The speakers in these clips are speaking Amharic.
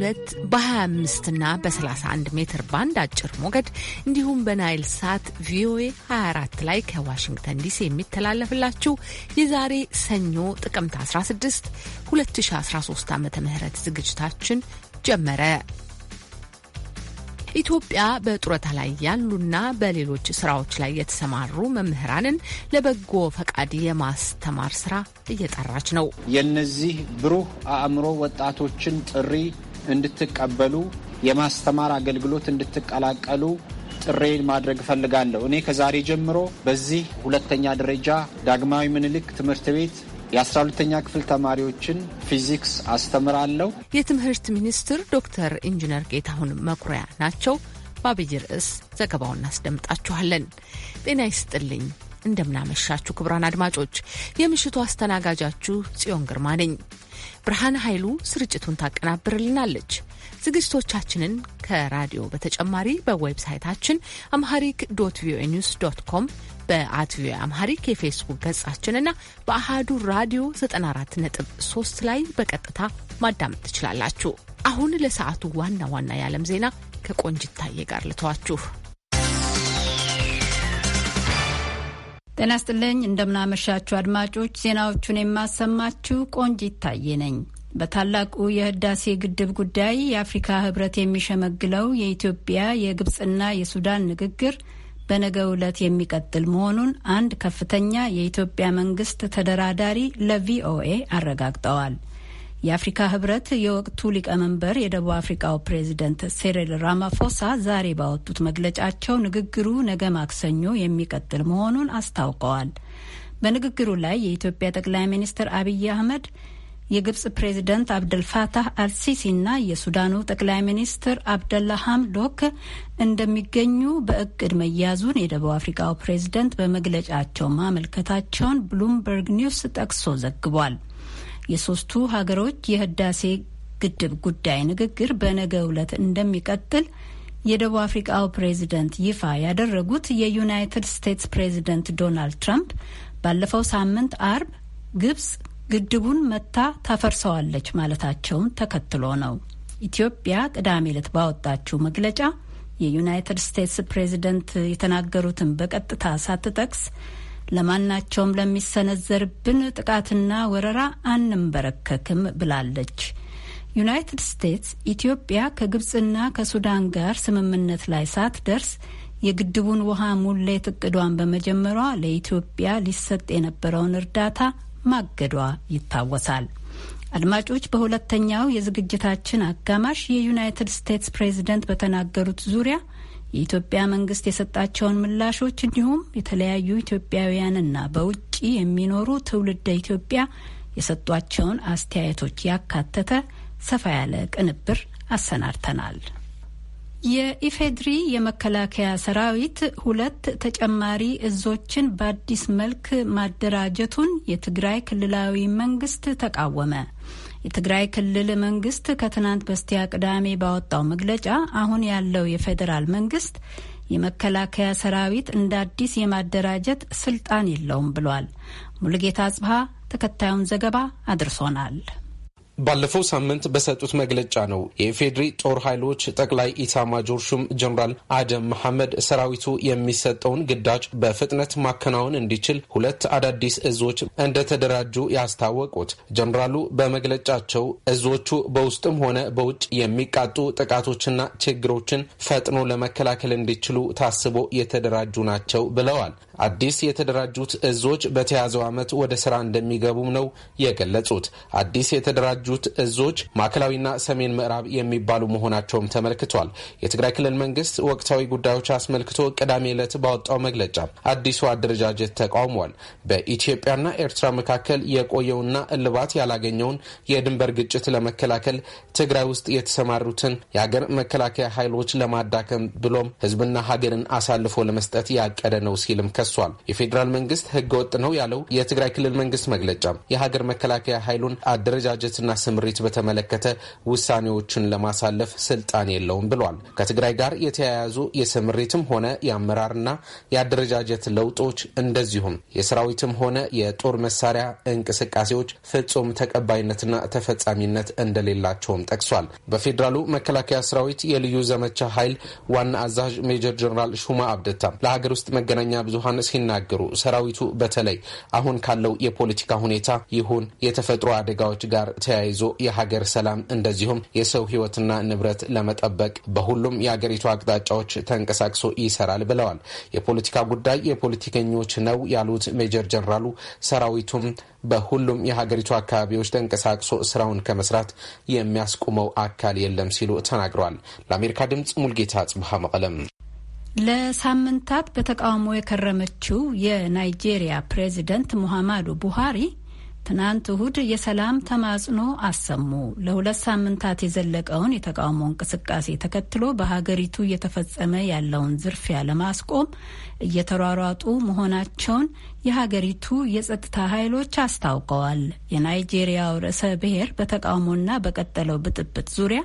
በ በ25 እና በ31 ሜትር ባንድ አጭር ሞገድ እንዲሁም በናይል ሳት ቪኦኤ 24 ላይ ከዋሽንግተን ዲሲ የሚተላለፍላችሁ የዛሬ ሰኞ ጥቅምት 16 2013 ዓ ም ዝግጅታችን ጀመረ። ኢትዮጵያ በጡረታ ላይ ያሉና በሌሎች ስራዎች ላይ የተሰማሩ መምህራንን ለበጎ ፈቃድ የማስተማር ስራ እየጠራች ነው። የነዚህ ብሩህ አእምሮ ወጣቶችን ጥሪ እንድትቀበሉ የማስተማር አገልግሎት እንድትቀላቀሉ ጥሬን ማድረግ እፈልጋለሁ። እኔ ከዛሬ ጀምሮ በዚህ ሁለተኛ ደረጃ ዳግማዊ ምኒልክ ትምህርት ቤት የአስራ ሁለተኛ ክፍል ተማሪዎችን ፊዚክስ አስተምራለሁ። የትምህርት ሚኒስትር ዶክተር ኢንጂነር ጌታሁን መኩሪያ ናቸው። በአብይ ርዕስ ዘገባውን እናስደምጣችኋለን። ጤና ይስጥልኝ። እንደምናመሻችሁ ክቡራን አድማጮች፣ የምሽቱ አስተናጋጃችሁ ጽዮን ግርማ ነኝ። ብርሃን ኃይሉ ስርጭቱን ታቀናብርልናለች። ዝግጅቶቻችንን ከራዲዮ በተጨማሪ በዌብሳይታችን አምሃሪክ ዶት ቪኦኤ ኒውስ ዶት ኮም በአት ቪኦኤ አምሃሪክ የፌስቡክ ገጻችንና በአህዱ ራዲዮ 94.3 ላይ በቀጥታ ማዳመጥ ትችላላችሁ። አሁን ለሰዓቱ ዋና ዋና የዓለም ዜና ከቆንጅታዬ ጋር ልተዋችሁ። ጤና ስጥልኝ እንደምናመሻችሁ አድማጮች፣ ዜናዎቹን የማሰማችሁ ቆንጂ ይታየ ነኝ። በታላቁ የህዳሴ ግድብ ጉዳይ የአፍሪካ ህብረት የሚሸመግለው የኢትዮጵያ የግብፅና የሱዳን ንግግር በነገ ዕለት የሚቀጥል መሆኑን አንድ ከፍተኛ የኢትዮጵያ መንግስት ተደራዳሪ ለቪኦኤ አረጋግጠዋል። የአፍሪካ ህብረት የወቅቱ ሊቀመንበር የደቡብ አፍሪካው ፕሬዚደንት ሴሬል ራማፎሳ ዛሬ ባወጡት መግለጫቸው ንግግሩ ነገ ማክሰኞ የሚቀጥል መሆኑን አስታውቀዋል። በንግግሩ ላይ የኢትዮጵያ ጠቅላይ ሚኒስትር አብይ አህመድ የግብጽ ፕሬዚደንት አብደልፋታህ አልሲሲ እና የሱዳኑ ጠቅላይ ሚኒስትር አብደላ ሀምዶክ እንደሚገኙ በእቅድ መያዙን የደቡብ አፍሪካው ፕሬዝደንት በመግለጫቸው ማመልከታቸውን ብሉምበርግ ኒውስ ጠቅሶ ዘግቧል። የሶስቱ ሀገሮች የህዳሴ ግድብ ጉዳይ ንግግር በነገ ዕለት እንደሚቀጥል የደቡብ አፍሪካው ፕሬዚደንት ይፋ ያደረጉት የዩናይትድ ስቴትስ ፕሬዚደንት ዶናልድ ትራምፕ ባለፈው ሳምንት አርብ ግብጽ ግድቡን መታ ታፈርሰዋለች ማለታቸውን ተከትሎ ነው። ኢትዮጵያ ቅዳሜ ዕለት ባወጣችው መግለጫ የዩናይትድ ስቴትስ ፕሬዚደንት የተናገሩትን በቀጥታ ሳትጠቅስ ለማናቸውም ለሚሰነዘርብን ጥቃትና ወረራ አንንበረከክም ብላለች። ዩናይትድ ስቴትስ ኢትዮጵያ ከግብፅና ከሱዳን ጋር ስምምነት ላይ ሳትደርስ የግድቡን ውሃ ሙሌት እቅዷን በመጀመሯ ለኢትዮጵያ ሊሰጥ የነበረውን እርዳታ ማገዷ ይታወሳል። አድማጮች፣ በሁለተኛው የዝግጅታችን አጋማሽ የዩናይትድ ስቴትስ ፕሬዝደንት በተናገሩት ዙሪያ የኢትዮጵያ መንግስት የሰጣቸውን ምላሾች እንዲሁም የተለያዩ ኢትዮጵያውያንና በውጭ የሚኖሩ ትውልደ ኢትዮጵያ የሰጧቸውን አስተያየቶች ያካተተ ሰፋ ያለ ቅንብር አሰናድተናል። የኢፌድሪ የመከላከያ ሰራዊት ሁለት ተጨማሪ እዞችን በአዲስ መልክ ማደራጀቱን የትግራይ ክልላዊ መንግስት ተቃወመ። የትግራይ ክልል መንግስት ከትናንት በስቲያ ቅዳሜ ባወጣው መግለጫ አሁን ያለው የፌዴራል መንግስት የመከላከያ ሰራዊት እንደ አዲስ የማደራጀት ስልጣን የለውም ብሏል። ሙሉጌታ አጽብሃ ተከታዩን ዘገባ አድርሶናል። ባለፈው ሳምንት በሰጡት መግለጫ ነው የኢፌዴሪ ጦር ኃይሎች ጠቅላይ ኢታማጆር ሹም ጀኔራል አደም መሐመድ ሰራዊቱ የሚሰጠውን ግዳጅ በፍጥነት ማከናወን እንዲችል ሁለት አዳዲስ እዞች እንደተደራጁ ያስታወቁት። ጀኔራሉ በመግለጫቸው እዞቹ በውስጥም ሆነ በውጭ የሚቃጡ ጥቃቶችና ችግሮችን ፈጥኖ ለመከላከል እንዲችሉ ታስቦ የተደራጁ ናቸው ብለዋል። አዲስ የተደራጁት እዞች በተያዘው ዓመት ወደ ስራ እንደሚገቡም ነው የገለጹት። አዲስ የተደራጁት እዞች ማዕከላዊና ሰሜን ምዕራብ የሚባሉ መሆናቸውም ተመልክቷል። የትግራይ ክልል መንግስት ወቅታዊ ጉዳዮች አስመልክቶ ቅዳሜ ዕለት ባወጣው መግለጫ አዲሱ አደረጃጀት ተቃውሟል። በኢትዮጵያና ኤርትራ መካከል የቆየውና እልባት ያላገኘውን የድንበር ግጭት ለመከላከል ትግራይ ውስጥ የተሰማሩትን የሀገር መከላከያ ኃይሎች ለማዳከም ብሎም ህዝብና ሀገርን አሳልፎ ለመስጠት ያቀደ ነው ሲልም ከ ከሷል። የፌዴራል መንግስት ህገወጥ ነው ያለው የትግራይ ክልል መንግስት መግለጫ የሀገር መከላከያ ኃይሉን አደረጃጀትና ስምሪት በተመለከተ ውሳኔዎችን ለማሳለፍ ስልጣን የለውም ብሏል። ከትግራይ ጋር የተያያዙ የስምሪትም ሆነ የአመራርና የአደረጃጀት ለውጦች እንደዚሁም የሰራዊትም ሆነ የጦር መሳሪያ እንቅስቃሴዎች ፍጹም ተቀባይነትና ተፈጻሚነት እንደሌላቸውም ጠቅሷል። በፌዴራሉ መከላከያ ሰራዊት የልዩ ዘመቻ ኃይል ዋና አዛዥ ሜጀር ጀኔራል ሹማ አብደታ ለሀገር ውስጥ መገናኛ ብዙሀን በጣም ሲናገሩ ሰራዊቱ በተለይ አሁን ካለው የፖለቲካ ሁኔታ ይሁን የተፈጥሮ አደጋዎች ጋር ተያይዞ የሀገር ሰላም እንደዚሁም የሰው ህይወትና ንብረት ለመጠበቅ በሁሉም የአገሪቱ አቅጣጫዎች ተንቀሳቅሶ ይሰራል ብለዋል። የፖለቲካ ጉዳይ የፖለቲከኞች ነው ያሉት ሜጀር ጀነራሉ ሰራዊቱም በሁሉም የሀገሪቱ አካባቢዎች ተንቀሳቅሶ ስራውን ከመስራት የሚያስቆመው አካል የለም ሲሉ ተናግረዋል። ለአሜሪካ ድምጽ ሙልጌታ ጽብሃ መቀለም ለሳምንታት በተቃውሞ የከረመችው የናይጄሪያ ፕሬዚደንት ሙሐማዱ ቡሃሪ ትናንት እሁድ የሰላም ተማጽኖ አሰሙ። ለሁለት ሳምንታት የዘለቀውን የተቃውሞ እንቅስቃሴ ተከትሎ በሀገሪቱ እየተፈጸመ ያለውን ዝርፊያ ለማስቆም እየተሯሯጡ መሆናቸውን የሀገሪቱ የጸጥታ ኃይሎች አስታውቀዋል። የናይጄሪያው ርዕሰ ብሔር በተቃውሞና በቀጠለው ብጥብጥ ዙሪያ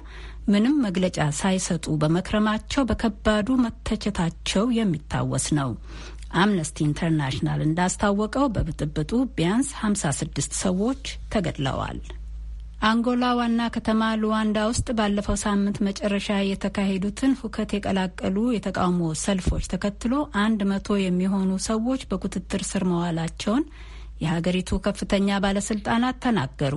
ምንም መግለጫ ሳይሰጡ በመክረማቸው በከባዱ መተቸታቸው የሚታወስ ነው። አምነስቲ ኢንተርናሽናል እንዳስታወቀው በብጥብጡ ቢያንስ 56 ሰዎች ተገድለዋል። አንጎላ ዋና ከተማ ሉዋንዳ ውስጥ ባለፈው ሳምንት መጨረሻ የተካሄዱትን ሁከት የቀላቀሉ የተቃውሞ ሰልፎች ተከትሎ አንድ መቶ የሚሆኑ ሰዎች በቁጥጥር ስር መዋላቸውን የሀገሪቱ ከፍተኛ ባለስልጣናት ተናገሩ።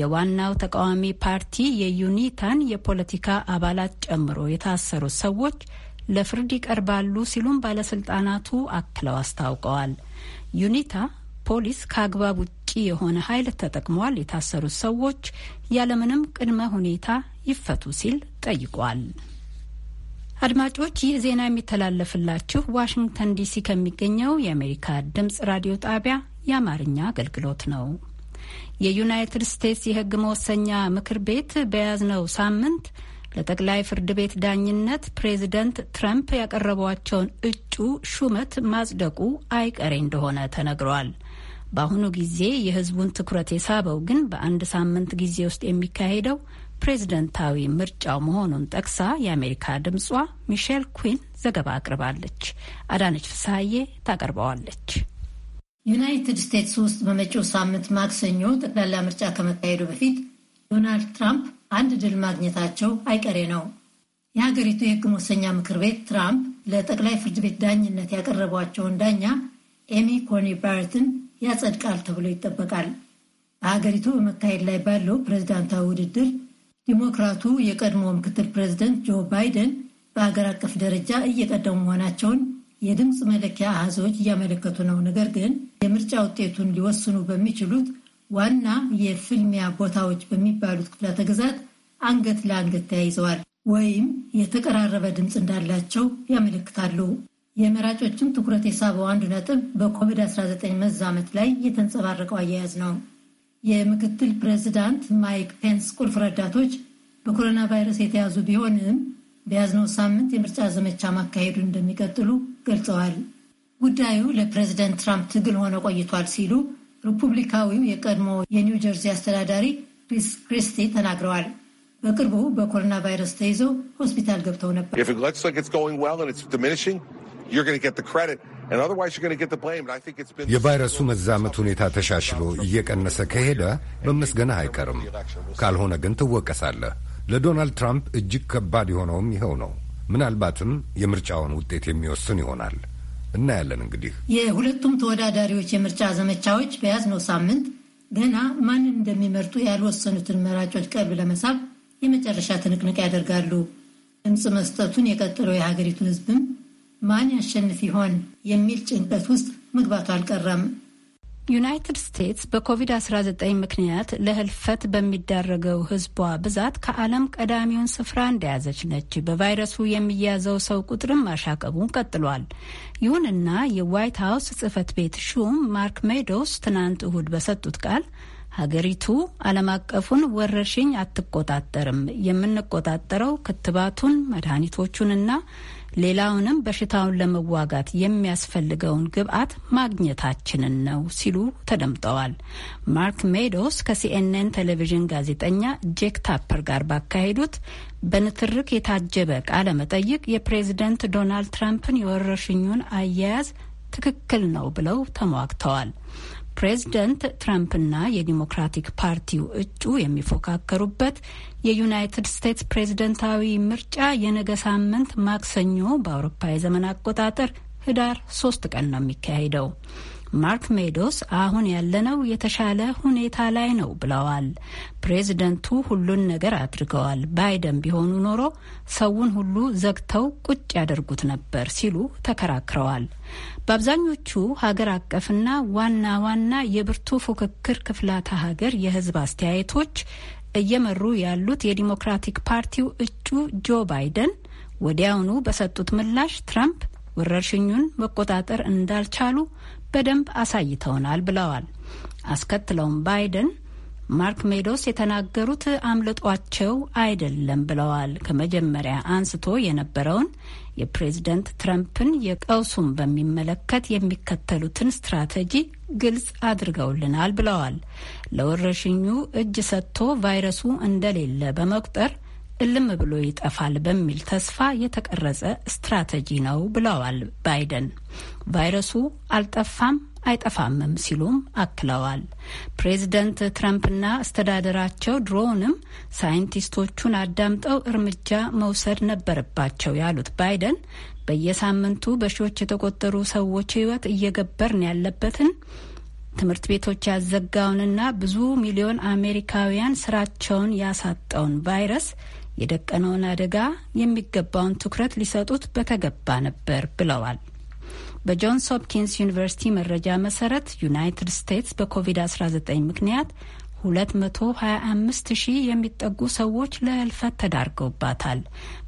የዋናው ተቃዋሚ ፓርቲ የዩኒታን የፖለቲካ አባላት ጨምሮ የታሰሩት ሰዎች ለፍርድ ይቀርባሉ ሲሉም ባለስልጣናቱ አክለው አስታውቀዋል። ዩኒታ ፖሊስ ከአግባብ ውጪ የሆነ ኃይል ተጠቅሟል፣ የታሰሩት ሰዎች ያለምንም ቅድመ ሁኔታ ይፈቱ ሲል ጠይቋል። አድማጮች ይህ ዜና የሚተላለፍላችሁ ዋሽንግተን ዲሲ ከሚገኘው የአሜሪካ ድምጽ ራዲዮ ጣቢያ የአማርኛ አገልግሎት ነው። የዩናይትድ ስቴትስ የህግ መወሰኛ ምክር ቤት በያዝነው ሳምንት ለጠቅላይ ፍርድ ቤት ዳኝነት ፕሬዚደንት ትራምፕ ያቀረቧቸውን እጩ ሹመት ማጽደቁ አይቀሬ እንደሆነ ተነግሯል። በአሁኑ ጊዜ የህዝቡን ትኩረት የሳበው ግን በአንድ ሳምንት ጊዜ ውስጥ የሚካሄደው ፕሬዝደንታዊ ምርጫው መሆኑን ጠቅሳ የአሜሪካ ድምጿ ሚሼል ኩዊን ዘገባ አቅርባለች። አዳነች ፍሳዬ ታቀርበዋለች። ዩናይትድ ስቴትስ ውስጥ በመጪው ሳምንት ማክሰኞ ጠቅላላ ምርጫ ከመካሄዱ በፊት ዶናልድ ትራምፕ አንድ ድል ማግኘታቸው አይቀሬ ነው። የሀገሪቱ የሕግ መወሰኛ ምክር ቤት ትራምፕ ለጠቅላይ ፍርድ ቤት ዳኝነት ያቀረቧቸውን ዳኛ ኤሚ ኮኒ ባረትን ያጸድቃል ተብሎ ይጠበቃል። በሀገሪቱ በመካሄድ ላይ ባለው ፕሬዝዳንታዊ ውድድር ዲሞክራቱ የቀድሞ ምክትል ፕሬዚደንት ጆ ባይደን በአገር አቀፍ ደረጃ እየቀደሙ መሆናቸውን የድምፅ መለኪያ አሃዞች እያመለከቱ ነው። ነገር ግን የምርጫ ውጤቱን ሊወስኑ በሚችሉት ዋና የፍልሚያ ቦታዎች በሚባሉት ክፍላተ ግዛት አንገት ለአንገት ተያይዘዋል ወይም የተቀራረበ ድምፅ እንዳላቸው ያመለክታሉ። የመራጮችን ትኩረት የሳበው አንዱ ነጥብ በኮቪድ-19 መዛመት ላይ የተንጸባረቀው አያያዝ ነው። የምክትል ፕሬዚዳንት ማይክ ፔንስ ቁልፍ ረዳቶች በኮሮና ቫይረስ የተያዙ ቢሆንም በያዝነው ሳምንት የምርጫ ዘመቻ ማካሄዱን እንደሚቀጥሉ ገልጸዋል። ጉዳዩ ለፕሬዚደንት ትራምፕ ትግል ሆነ ቆይቷል ሲሉ ሪፑብሊካዊው የቀድሞ የኒው ጀርዚ አስተዳዳሪ ክሪስ ክሪስቲ ተናግረዋል። በቅርቡ በኮሮና ቫይረስ ተይዘው ሆስፒታል ገብተው ነበር። የቫይረሱ መዛመት ሁኔታ ተሻሽሎ እየቀነሰ ከሄደ መመስገንህ አይቀርም፣ ካልሆነ ግን ትወቀሳለህ። ለዶናልድ ትራምፕ እጅግ ከባድ የሆነውም ይኸው ነው። ምናልባትም የምርጫውን ውጤት የሚወስን ይሆናል። እናያለን እንግዲህ። የሁለቱም ተወዳዳሪዎች የምርጫ ዘመቻዎች በያዝነው ሳምንት ገና ማንን እንደሚመርጡ ያልወሰኑትን መራጮች ቀልብ ለመሳብ የመጨረሻ ትንቅንቅ ያደርጋሉ። ድምፅ መስጠቱን የቀጠለው የሀገሪቱ ሕዝብም ማን ያሸንፍ ይሆን የሚል ጭንቀት ውስጥ መግባቱ አልቀረም። ዩናይትድ ስቴትስ በኮቪድ-19 ምክንያት ለህልፈት በሚዳረገው ህዝቧ ብዛት ከዓለም ቀዳሚውን ስፍራ እንደያዘች ነች። በቫይረሱ የሚያዘው ሰው ቁጥርም ማሻቀቡን ቀጥሏል። ይሁንና የዋይት ሀውስ ጽህፈት ቤት ሹም ማርክ ሜዶስ ትናንት እሁድ በሰጡት ቃል ሀገሪቱ ዓለም አቀፉን ወረርሽኝ አትቆጣጠርም፣ የምንቆጣጠረው ክትባቱን መድኃኒቶቹንና ሌላውንም በሽታውን ለመዋጋት የሚያስፈልገውን ግብአት ማግኘታችንን ነው ሲሉ ተደምጠዋል። ማርክ ሜዶስ ከሲኤንኤን ቴሌቪዥን ጋዜጠኛ ጄክ ታፐር ጋር ባካሄዱት በንትርክ የታጀበ ቃለ መጠይቅ የፕሬዝደንት ዶናልድ ትራምፕን የወረርሽኙን አያያዝ ትክክል ነው ብለው ተሟግተዋል። ፕሬዝደንት ትራምፕና የዲሞክራቲክ ፓርቲው እጩ የሚፎካከሩበት የዩናይትድ ስቴትስ ፕሬዝደንታዊ ምርጫ የነገ ሳምንት ማክሰኞ በአውሮፓ የዘመን አቆጣጠር ህዳር ሶስት ቀን ነው የሚካሄደው። ማርክ ሜዶስ አሁን ያለነው የተሻለ ሁኔታ ላይ ነው ብለዋል። ፕሬዝደንቱ ሁሉን ነገር አድርገዋል። ባይደን ቢሆኑ ኖሮ ሰውን ሁሉ ዘግተው ቁጭ ያደርጉት ነበር ሲሉ ተከራክረዋል። በአብዛኞቹ ሀገር አቀፍና ዋና ዋና የብርቱ ፉክክር ክፍላተ ሀገር የህዝብ አስተያየቶች እየመሩ ያሉት የዲሞክራቲክ ፓርቲው እጩ ጆ ባይደን ወዲያውኑ በሰጡት ምላሽ ትራምፕ ወረርሽኙን መቆጣጠር እንዳልቻሉ በደንብ አሳይተውናል ብለዋል። አስከትለውም ባይደን ማርክ ሜዶስ የተናገሩት አምልጧቸው አይደለም ብለዋል። ከመጀመሪያ አንስቶ የነበረውን የፕሬዝደንት ትረምፕን የቀውሱን በሚመለከት የሚከተሉትን ስትራቴጂ ግልጽ አድርገውልናል ብለዋል። ለወረሽኙ እጅ ሰጥቶ ቫይረሱ እንደሌለ በመቁጠር እልም ብሎ ይጠፋል በሚል ተስፋ የተቀረጸ ስትራቴጂ ነው ብለዋል ባይደን። ቫይረሱ አልጠፋም አይጠፋምም ሲሉም አክለዋል። ፕሬዚደንት ትረምፕና አስተዳደራቸው ድሮንም ሳይንቲስቶቹን አዳምጠው እርምጃ መውሰድ ነበረባቸው ያሉት ባይደን በየሳምንቱ በሺዎች የተቆጠሩ ሰዎች ሕይወት እየገበርን ያለበትን ትምህርት ቤቶች ያዘጋውንና ብዙ ሚሊዮን አሜሪካውያን ስራቸውን ያሳጣውን ቫይረስ የደቀነውን አደጋ የሚገባውን ትኩረት ሊሰጡት በተገባ ነበር ብለዋል። በጆንስ ሆፕኪንስ ዩኒቨርሲቲ መረጃ መሰረት ዩናይትድ ስቴትስ በኮቪድ-19 ምክንያት 225 ሺህ የሚጠጉ ሰዎች ለህልፈት ተዳርገውባታል።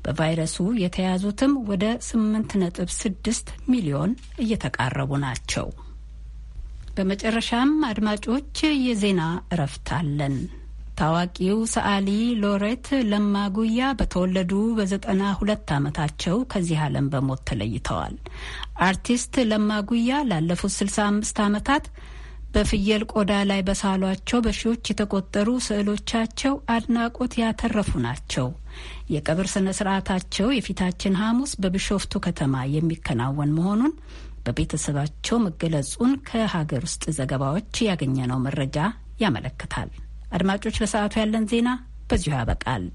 በቫይረሱ የተያዙትም ወደ 8.6 ሚሊዮን እየተቃረቡ ናቸው። በመጨረሻም አድማጮች የዜና እረፍት አለን። ታዋቂው ሰዓሊ ሎሬት ለማጉያ በተወለዱ በዘጠና ሁለት ዓመታቸው ከዚህ ዓለም በሞት ተለይተዋል። አርቲስት ለማጉያ ላለፉት 65 ዓመታት በፍየል ቆዳ ላይ በሳሏቸው በሺዎች የተቆጠሩ ስዕሎቻቸው አድናቆት ያተረፉ ናቸው። የቀብር ስነ ስርዓታቸው የፊታችን ሐሙስ በቢሾፍቱ ከተማ የሚከናወን መሆኑን በቤተሰባቸው መገለጹን ከሀገር ውስጥ ዘገባዎች ያገኘነው መረጃ ያመለክታል። አድማጮች፣ ለሰዓቱ ያለን ዜና በዚሁ ያበቃል።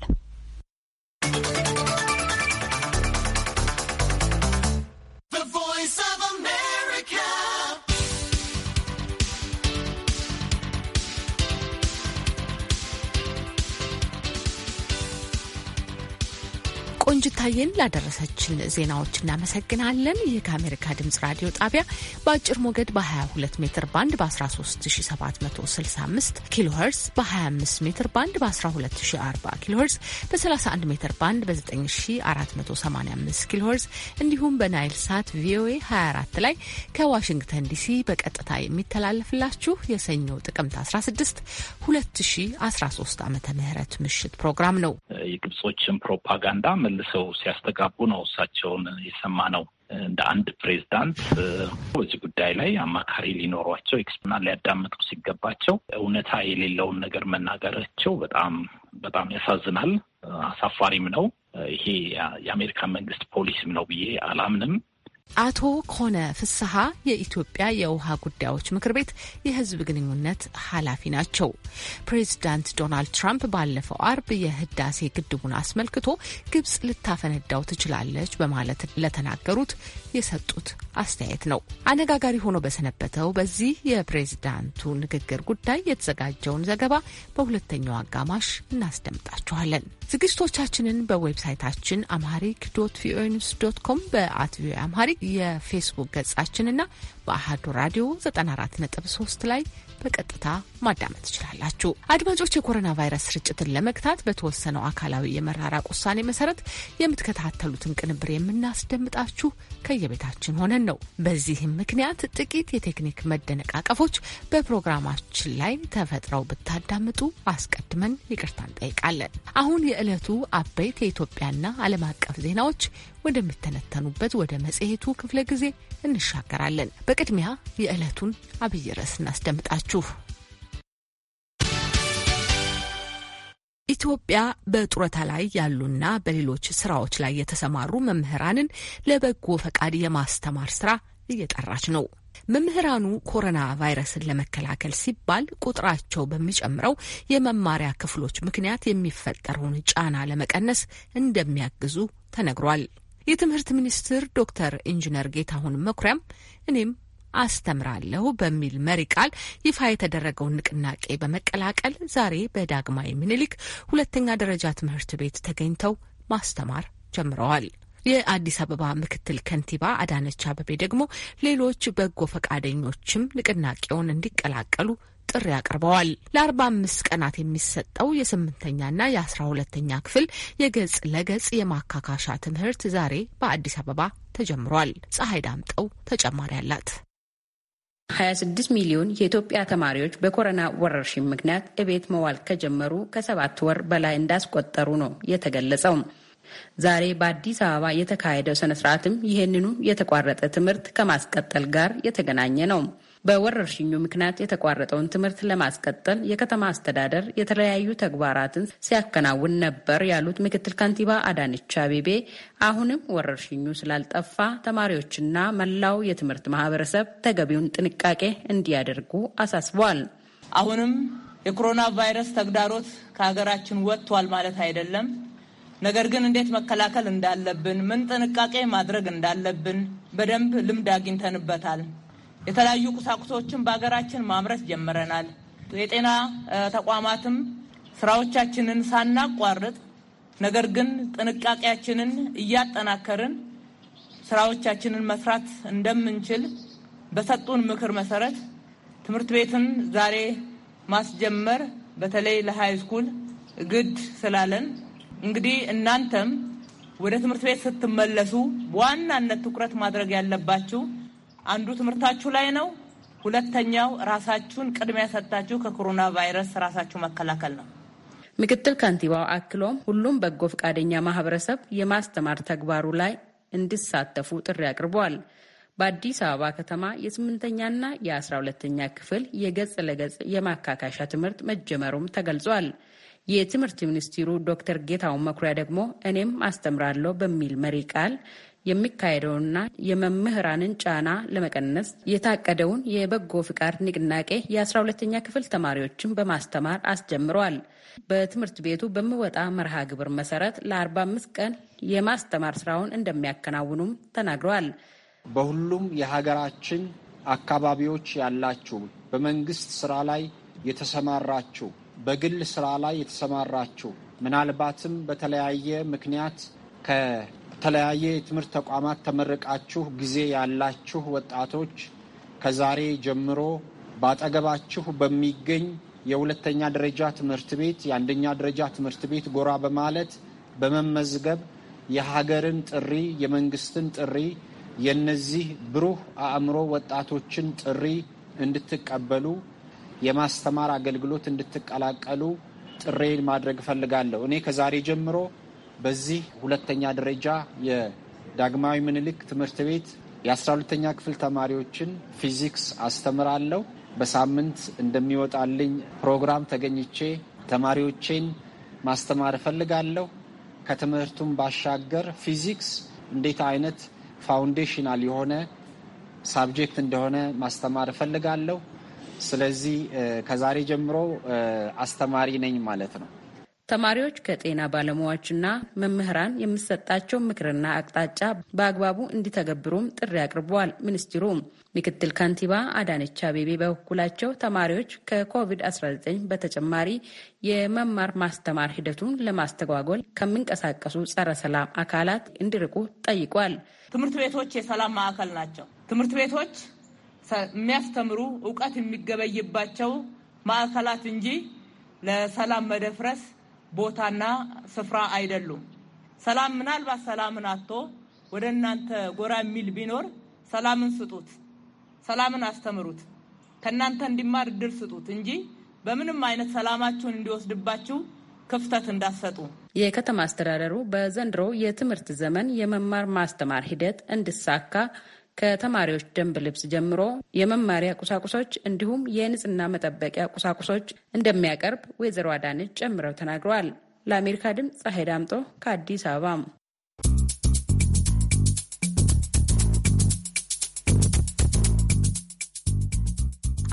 ቆንጅታየን ላደረሰችን ዜናዎች እናመሰግናለን። ይህ ከአሜሪካ ድምጽ ራዲዮ ጣቢያ በአጭር ሞገድ በ22 ሜትር ባንድ በ13765 ኪሎ ሄርዝ፣ በ25 ሜትር ባንድ በ1240 ኪሎ ሄርዝ፣ በ31 ሜትር ባንድ በ9485 ኪሎ ሄርዝ እንዲሁም በናይል ሳት ቪኦኤ 24 ላይ ከዋሽንግተን ዲሲ በቀጥታ የሚተላለፍላችሁ የሰኞ ጥቅምት 16 2013 ዓ ም ምሽት ፕሮግራም ነው። የግብጾችን ፕሮፓጋንዳ ሰው ሲያስተጋቡ ነው እሳቸውን የሰማ ነው። እንደ አንድ ፕሬዝዳንት በዚህ ጉዳይ ላይ አማካሪ ሊኖሯቸው ኤክስፕና ሊያዳምጡ ሲገባቸው እውነታ የሌለውን ነገር መናገራቸው በጣም በጣም ያሳዝናል፣ አሳፋሪም ነው። ይሄ የአሜሪካ መንግስት ፖሊሲም ነው ብዬ አላምንም። አቶ ኮነ ፍስሐ የኢትዮጵያ የውሃ ጉዳዮች ምክር ቤት የሕዝብ ግንኙነት ኃላፊ ናቸው። ፕሬዚዳንት ዶናልድ ትራምፕ ባለፈው አርብ የህዳሴ ግድቡን አስመልክቶ ግብጽ ልታፈነዳው ትችላለች በማለት ለተናገሩት የሰጡት አስተያየት ነው። አነጋጋሪ ሆኖ በሰነበተው በዚህ የፕሬዚዳንቱ ንግግር ጉዳይ የተዘጋጀውን ዘገባ በሁለተኛው አጋማሽ እናስደምጣችኋለን። ዝግጅቶቻችንን በዌብሳይታችን አምሃሪክ ዶት ቪኦኤ ኒውስ ዶት ኮም በአት ቪኦኤ አምሃሪክ የፌስቡክ ገጻችንና በአህዱ ራዲዮ 94.3 ላይ በቀጥታ ማዳመጥ ትችላላችሁ። አድማጮች፣ የኮሮና ቫይረስ ስርጭትን ለመግታት በተወሰነው አካላዊ የመራራቅ ውሳኔ መሰረት የምትከታተሉትን ቅንብር የምናስደምጣችሁ ከየቤታችን ሆነን ነው። በዚህም ምክንያት ጥቂት የቴክኒክ መደነቃቀፎች በፕሮግራማችን ላይ ተፈጥረው ብታዳምጡ አስቀድመን ይቅርታ እንጠይቃለን። አሁን የዕለቱ አበይት የኢትዮጵያና ዓለም አቀፍ ዜናዎች ወደሚተነተኑበት ወደ መጽሔቱ ክፍለ ጊዜ እንሻገራለን። በቅድሚያ የዕለቱን አብይ ርዕስ እናስደምጣችሁ። ኢትዮጵያ በጡረታ ላይ ያሉና በሌሎች ስራዎች ላይ የተሰማሩ መምህራንን ለበጎ ፈቃድ የማስተማር ስራ እየጠራች ነው። መምህራኑ ኮሮና ቫይረስን ለመከላከል ሲባል ቁጥራቸው በሚጨምረው የመማሪያ ክፍሎች ምክንያት የሚፈጠረውን ጫና ለመቀነስ እንደሚያግዙ ተነግሯል። የትምህርት ሚኒስትር ዶክተር ኢንጂነር ጌታሁን መኩሪያም እኔም አስተምራለሁ በሚል መሪ ቃል ይፋ የተደረገውን ንቅናቄ በመቀላቀል ዛሬ በዳግማዊ ምኒልክ ሁለተኛ ደረጃ ትምህርት ቤት ተገኝተው ማስተማር ጀምረዋል። የአዲስ አበባ ምክትል ከንቲባ አዳነች አበቤ ደግሞ ሌሎች በጎ ፈቃደኞችም ንቅናቄውን እንዲቀላቀሉ ጥሪ አቅርበዋል ለአርባ አምስት ቀናት የሚሰጠው የስምንተኛና የአስራ ሁለተኛ ክፍል የገጽ ለገጽ የማካካሻ ትምህርት ዛሬ በአዲስ አበባ ተጀምሯል። ፀሐይ ዳምጠው ተጨማሪ አላት። 26 ሚሊዮን የኢትዮጵያ ተማሪዎች በኮሮና ወረርሽኝ ምክንያት እቤት መዋል ከጀመሩ ከሰባት ወር በላይ እንዳስቆጠሩ ነው የተገለጸው። ዛሬ በአዲስ አበባ የተካሄደው ስነ ይህንኑ የተቋረጠ ትምህርት ከማስቀጠል ጋር የተገናኘ ነው። በወረርሽኙ ምክንያት የተቋረጠውን ትምህርት ለማስቀጠል የከተማ አስተዳደር የተለያዩ ተግባራትን ሲያከናውን ነበር ያሉት ምክትል ከንቲባ አዳነች አቤቤ አሁንም ወረርሽኙ ስላልጠፋ ተማሪዎችና መላው የትምህርት ማህበረሰብ ተገቢውን ጥንቃቄ እንዲያደርጉ አሳስበዋል። አሁንም የኮሮና ቫይረስ ተግዳሮት ከሀገራችን ወጥቷል ማለት አይደለም። ነገር ግን እንዴት መከላከል እንዳለብን፣ ምን ጥንቃቄ ማድረግ እንዳለብን በደንብ ልምድ አግኝተንበታል። የተለያዩ ቁሳቁሶችን በሀገራችን ማምረት ጀምረናል። የጤና ተቋማትም ስራዎቻችንን ሳናቋርጥ ነገር ግን ጥንቃቄያችንን እያጠናከርን ስራዎቻችንን መስራት እንደምንችል በሰጡን ምክር መሰረት ትምህርት ቤትን ዛሬ ማስጀመር በተለይ ለሃይ ስኩል ግድ ስላለን እንግዲህ እናንተም ወደ ትምህርት ቤት ስትመለሱ በዋናነት ትኩረት ማድረግ ያለባችሁ አንዱ ትምህርታችሁ ላይ ነው። ሁለተኛው ራሳችሁን ቅድሚያ ሰጥታችሁ ከኮሮና ቫይረስ ራሳችሁ መከላከል ነው። ምክትል ከንቲባው አክሎም ሁሉም በጎ ፈቃደኛ ማህበረሰብ የማስተማር ተግባሩ ላይ እንዲሳተፉ ጥሪ አቅርበዋል። በአዲስ አበባ ከተማ የስምንተኛና የአስራ ሁለተኛ ክፍል የገጽ ለገጽ የማካካሻ ትምህርት መጀመሩም ተገልጿል። የትምህርት ሚኒስትሩ ዶክተር ጌታሁን መኩሪያ ደግሞ እኔም አስተምራለሁ በሚል መሪ ቃል የሚካሄደውንና የመምህራንን ጫና ለመቀነስ የታቀደውን የበጎ ፍቃድ ንቅናቄ የ12ኛ ክፍል ተማሪዎችን በማስተማር አስጀምረዋል። በትምህርት ቤቱ በሚወጣ መርሃ ግብር መሰረት ለ45 ቀን የማስተማር ስራውን እንደሚያከናውኑም ተናግረዋል። በሁሉም የሀገራችን አካባቢዎች ያላችሁ በመንግስት ስራ ላይ የተሰማራችሁ፣ በግል ስራ ላይ የተሰማራችሁ ምናልባትም በተለያየ ምክንያት የተለያየ የትምህርት ተቋማት ተመርቃችሁ ጊዜ ያላችሁ ወጣቶች ከዛሬ ጀምሮ በአጠገባችሁ በሚገኝ የሁለተኛ ደረጃ ትምህርት ቤት፣ የአንደኛ ደረጃ ትምህርት ቤት ጎራ በማለት በመመዝገብ የሀገርን ጥሪ፣ የመንግስትን ጥሪ፣ የነዚህ ብሩህ አእምሮ ወጣቶችን ጥሪ እንድትቀበሉ የማስተማር አገልግሎት እንድትቀላቀሉ ጥሬን ማድረግ እፈልጋለሁ። እኔ ከዛሬ ጀምሮ በዚህ ሁለተኛ ደረጃ የዳግማዊ ምኒልክ ትምህርት ቤት የአስራ ሁለተኛ ክፍል ተማሪዎችን ፊዚክስ አስተምራለሁ። በሳምንት እንደሚወጣልኝ ፕሮግራም ተገኝቼ ተማሪዎቼን ማስተማር እፈልጋለሁ። ከትምህርቱም ባሻገር ፊዚክስ እንዴት አይነት ፋውንዴሽናል የሆነ ሳብጀክት እንደሆነ ማስተማር እፈልጋለሁ። ስለዚህ ከዛሬ ጀምሮ አስተማሪ ነኝ ማለት ነው። ተማሪዎች ከጤና ባለሙያዎችና መምህራን የሚሰጣቸው ምክርና አቅጣጫ በአግባቡ እንዲተገብሩም ጥሪ አቅርበዋል። ሚኒስትሩ ምክትል ከንቲባ አዳነች አቤቤ በበኩላቸው ተማሪዎች ከኮቪድ-19 በተጨማሪ የመማር ማስተማር ሂደቱን ለማስተጓጎል ከሚንቀሳቀሱ ጸረ ሰላም አካላት እንዲርቁ ጠይቋል። ትምህርት ቤቶች የሰላም ማዕከል ናቸው። ትምህርት ቤቶች የሚያስተምሩ እውቀት የሚገበይባቸው ማዕከላት እንጂ ለሰላም መደፍረስ ቦታና ስፍራ አይደሉም። ሰላም ምናልባት ሰላምን አቶ ወደ እናንተ ጎራ የሚል ቢኖር ሰላምን ስጡት፣ ሰላምን አስተምሩት፣ ከእናንተ እንዲማር እድል ስጡት እንጂ በምንም አይነት ሰላማችሁን እንዲወስድባችሁ ክፍተት እንዳትሰጡ። የከተማ አስተዳደሩ በዘንድሮ የትምህርት ዘመን የመማር ማስተማር ሂደት እንዲሳካ ከተማሪዎች ደንብ ልብስ ጀምሮ የመማሪያ ቁሳቁሶች እንዲሁም የንጽህና መጠበቂያ ቁሳቁሶች እንደሚያቀርብ ወይዘሮ አዳነች ጨምረው ተናግረዋል። ለአሜሪካ ድምፅ ፀሐይ ዳምጦ ከአዲስ አበባ።